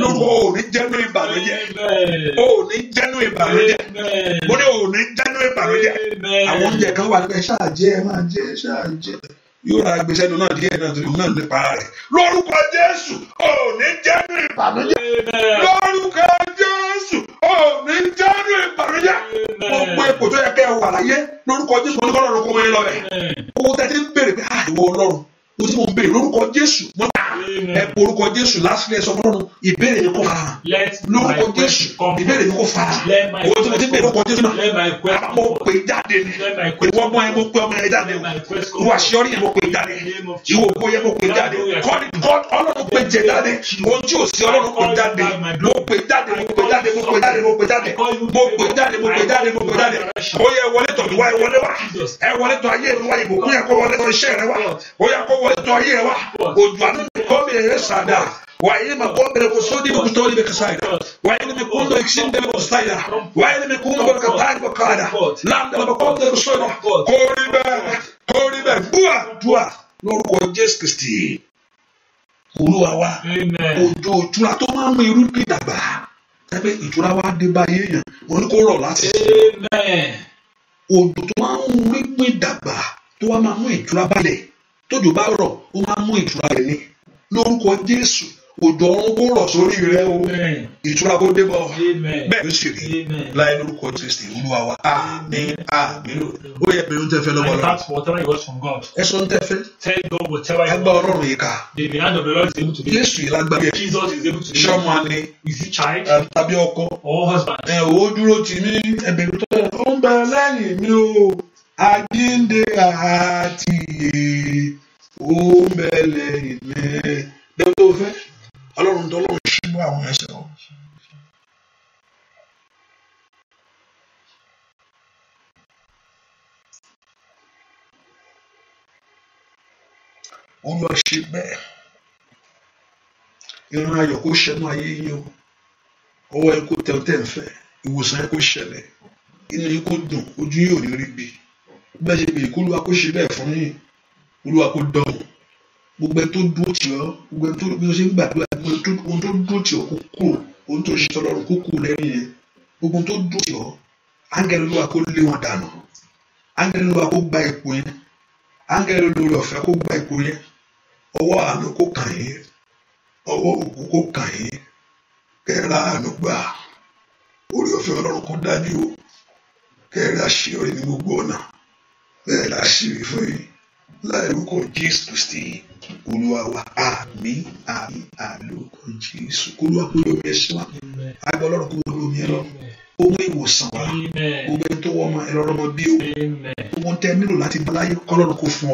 lórúkọ ò ní jẹ́nu ìbànújẹ́ ò ní jẹ́nu ìbànújẹ́ mo ò ò ní jẹ́nu ìbànújẹ́ àwọn oúnjẹ kan wà pé ṣáà jẹ máa jẹ ṣáà yóò ra agbésẹ́ nu náà náà torí náà nípa rẹ̀ lórúkọ Jésù ò ní jẹ́nu lórúkọ Jésù ò ní jẹ́nu gbogbo ipò tó yẹ kẹ́ wà láyé lórúkọ Jésù oníkọ́ lọ́rùn kó lọ bẹ̀ owó tẹ́tí ń béèrè pé àìwọ ah, Ọlọ́run mo ti mọ̀ ń lórúkọ Jésù mọ́tà ẹ porúkọ jésù lásìlẹ̀ sọ fún ọ̀run ìbéèrè mi kò fara lórúkọ jésù ìbéèrè mi kò fara owó tí mo ti bẹ̀rẹ̀ lórúkọ jésù náà mo pè jáde ni ìwọ gbọ́n yẹn mo pè ọmọ yẹn jáde o ìwọ àṣeyọrí yẹn mo pè jáde ìwọ ògbó yẹn mo pè jáde kọ́ni God ọlọ́run pè jẹ jáde ojú òsì ọlọ́run pè jáde mo pè jáde mo pè jáde mo pè jáde mo pè jáde mo pè jáde mo pè jáde mo pè jáde ó yẹ wọlé tọ̀ mi wá ẹ wọlé wá ẹ wọlé tọ̀ ayé mi wá ìbùkún yẹ kó wọlé tọ̀ iṣẹ́ rẹ wá ó yẹ kó wọlé tọ̀ ayé rẹ wá òjò àná Kombe resada waile magombe kusudi kutoli bekasaida waile mikundo ikshinde bekasaida waile mikundo bakatani bakada lambda bakombe kusudi koribe koribe bua tua lórúkọ Jésù Kristi Olúwa wa òjò ìtura tó máa ń mú irúgbìn dàgbà tẹ́lẹ̀ ìtura wa dé bá yéèyàn oníkóró láti ṣe òjò tó máa ń mú irúgbìn dàgbà tó wá máa mú ìtura balẹ̀ tójò bá rọ̀ ó máa ń mú ìtura rẹ̀ ni lórúkọ Jésù òjò ọ̀run kó rọ̀ sórí rẹ o ìtura kó dé bọ̀ bẹ́ẹ̀ ló sì rí láì lórúkọ Kristi Olúwa wa àmín àmín o ó yẹ pé ó ń tẹ fẹ́ lọ́wọ́ lọ ẹ sọ ń tẹ fẹ́ agbá Ọlọ́run yìí ká Jésù yìí lágbára sọmọ ni tàbí ọkọ ẹ ò dúró tì mí ẹbẹ̀rù tó yẹ ó ń bẹ lẹ́yìn mi o àjíǹde àti èè ó mẹ́lẹ̀ ilẹ̀ lẹ́yìn tó fẹ́ ọlọ́run tó lọ́run ṣíbú àwọn ẹ̀ṣẹ̀ wọn. olúwa ṣe bẹ́ẹ̀ ìran ayọ̀ kó ṣẹnu ayé yín o ọwọ́ ẹ kó tẹ ọtẹ ń fẹ́ ìwòsàn ẹ kó ṣẹlẹ̀ inú yín kó dùn ojú yín ò ní rí bi bẹ́ẹ̀ ṣe bèè kó akóṣe bẹ́ẹ̀ fún yín olúwa kò dán o gbogbo ẹni tó dúró tì ọ́ gbogbo ẹni tó bí o ṣe ń gbàdúrà gbogbo ohun tó dúró tì ọ́ kó kúrò ohun tó ṣe tọ́lọ́run kó kúrò lẹ́nu yẹn gbogbo ohun tó dúró tì ọ́ áńgẹ́lì olúwa kó lé wọn dànù áńgẹ́lì olúwa kó gba ipò yẹn áńgẹ́lì olórí ọ̀fẹ́ kó gba ipò yẹn ọwọ́ àánú kó kàn yín ọwọ́ òkú kó kàn yín kẹ́ra àánú gbà orí ọ̀fẹ́ ọlọ́run kó dájú o kẹ́ra àṣeyọrí ní gbogbo ọ̀nà bẹ́ẹ̀ láṣìírí fún yín lórúkọ jésù kristi olúwa wa àmín àmín àlùkò jésù olúwa kò yọ omi ẹ̀ṣẹ̀ wa agbọ ọlọ́run ohun ìwòsàn wa gbogbo ẹni tó wọ́n ma ẹ̀rọ ọmọ bí o gbogbo tẹ nílò láti báláyé kọ́lọ́run kò fún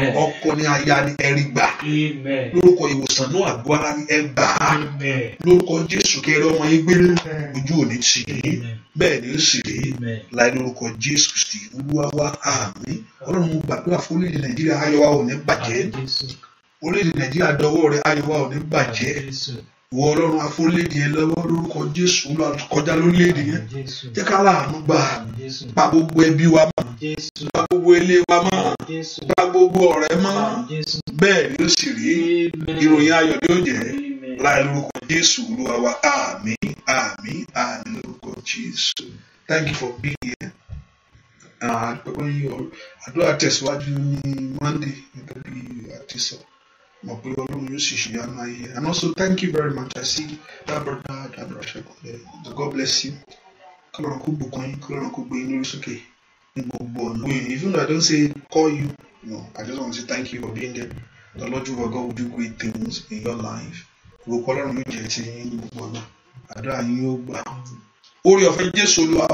ọ ọkọ ni aya ni ẹ̀rí gbà lórúkọ ìwòsàn náà àgọ́ ara ni ẹ gbà lórúkọ jésù kẹrẹ ọmọ yín gbélé ojú òní tì í bẹ́ẹ̀ ni ó sì rí láì lórúkọ jésù Kristi olúwa wa àmín ọlọ́run mo gbàdúrà fún orílẹ̀ nàìjíríà ayọ̀ wa ò ní bàjẹ́ orílẹ̀ nàìjíríà dọwọ́ rẹ ayọ̀ wa bàjẹ́ wọ ọlọ́run afúnlédìí ẹ lọ́wọ́ lórúkọ jésù lọ kọjá lórílẹ̀‐èdè yẹn jẹ́ ká láàánú gbà pa gbogbo ẹbí wa mọ́ pa gbogbo ilé wa mọ́ pa gbogbo ọ̀rẹ́ mọ́ bẹ́ẹ̀ ni ó sì rí ìròyìn ayọ̀ ni ó jẹ́ láì lórúkọ jésù olúwa wa àmín àmín àmín lórúkọ jésù thank you for being here àpẹẹrẹ àdúrà tẹ̀síwájú ní monday nítorí àtisọ and also thank you very much I see that brother that brother the God bless you kọ́lọ́run kó bùkún yín kọ́lọ́run kó gbé yín even though I don't say call you no I just want to say thank you for being there the Lord your God will do great things in your life ìwòkọ́ ọlọ́run yóò jẹ́ ti yín ní gbogbo ọ̀nà àdúrà yín yóò gbà orí ọ̀fẹ́ Jésù Olúwa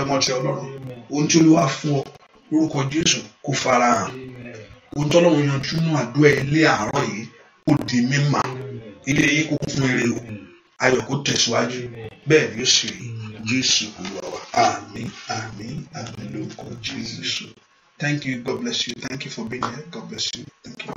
ẹ̀mọ̀tì ọlọ́run ohun tí Olúwa fún ọ lórúkọ Jésù kò farahàn ohun tọ́lọ́run yanjú nù àdúrà ilé àárọ̀ yìí kò di mímà ilé yìí kò fún eré o ayọ̀ kò tẹ̀síwájú bẹ́ẹ̀ ni ó sì rí jésù olúwa wa àmín àmín lórúkọ jésù thank you god bless you thank you for being here god bless you thank you.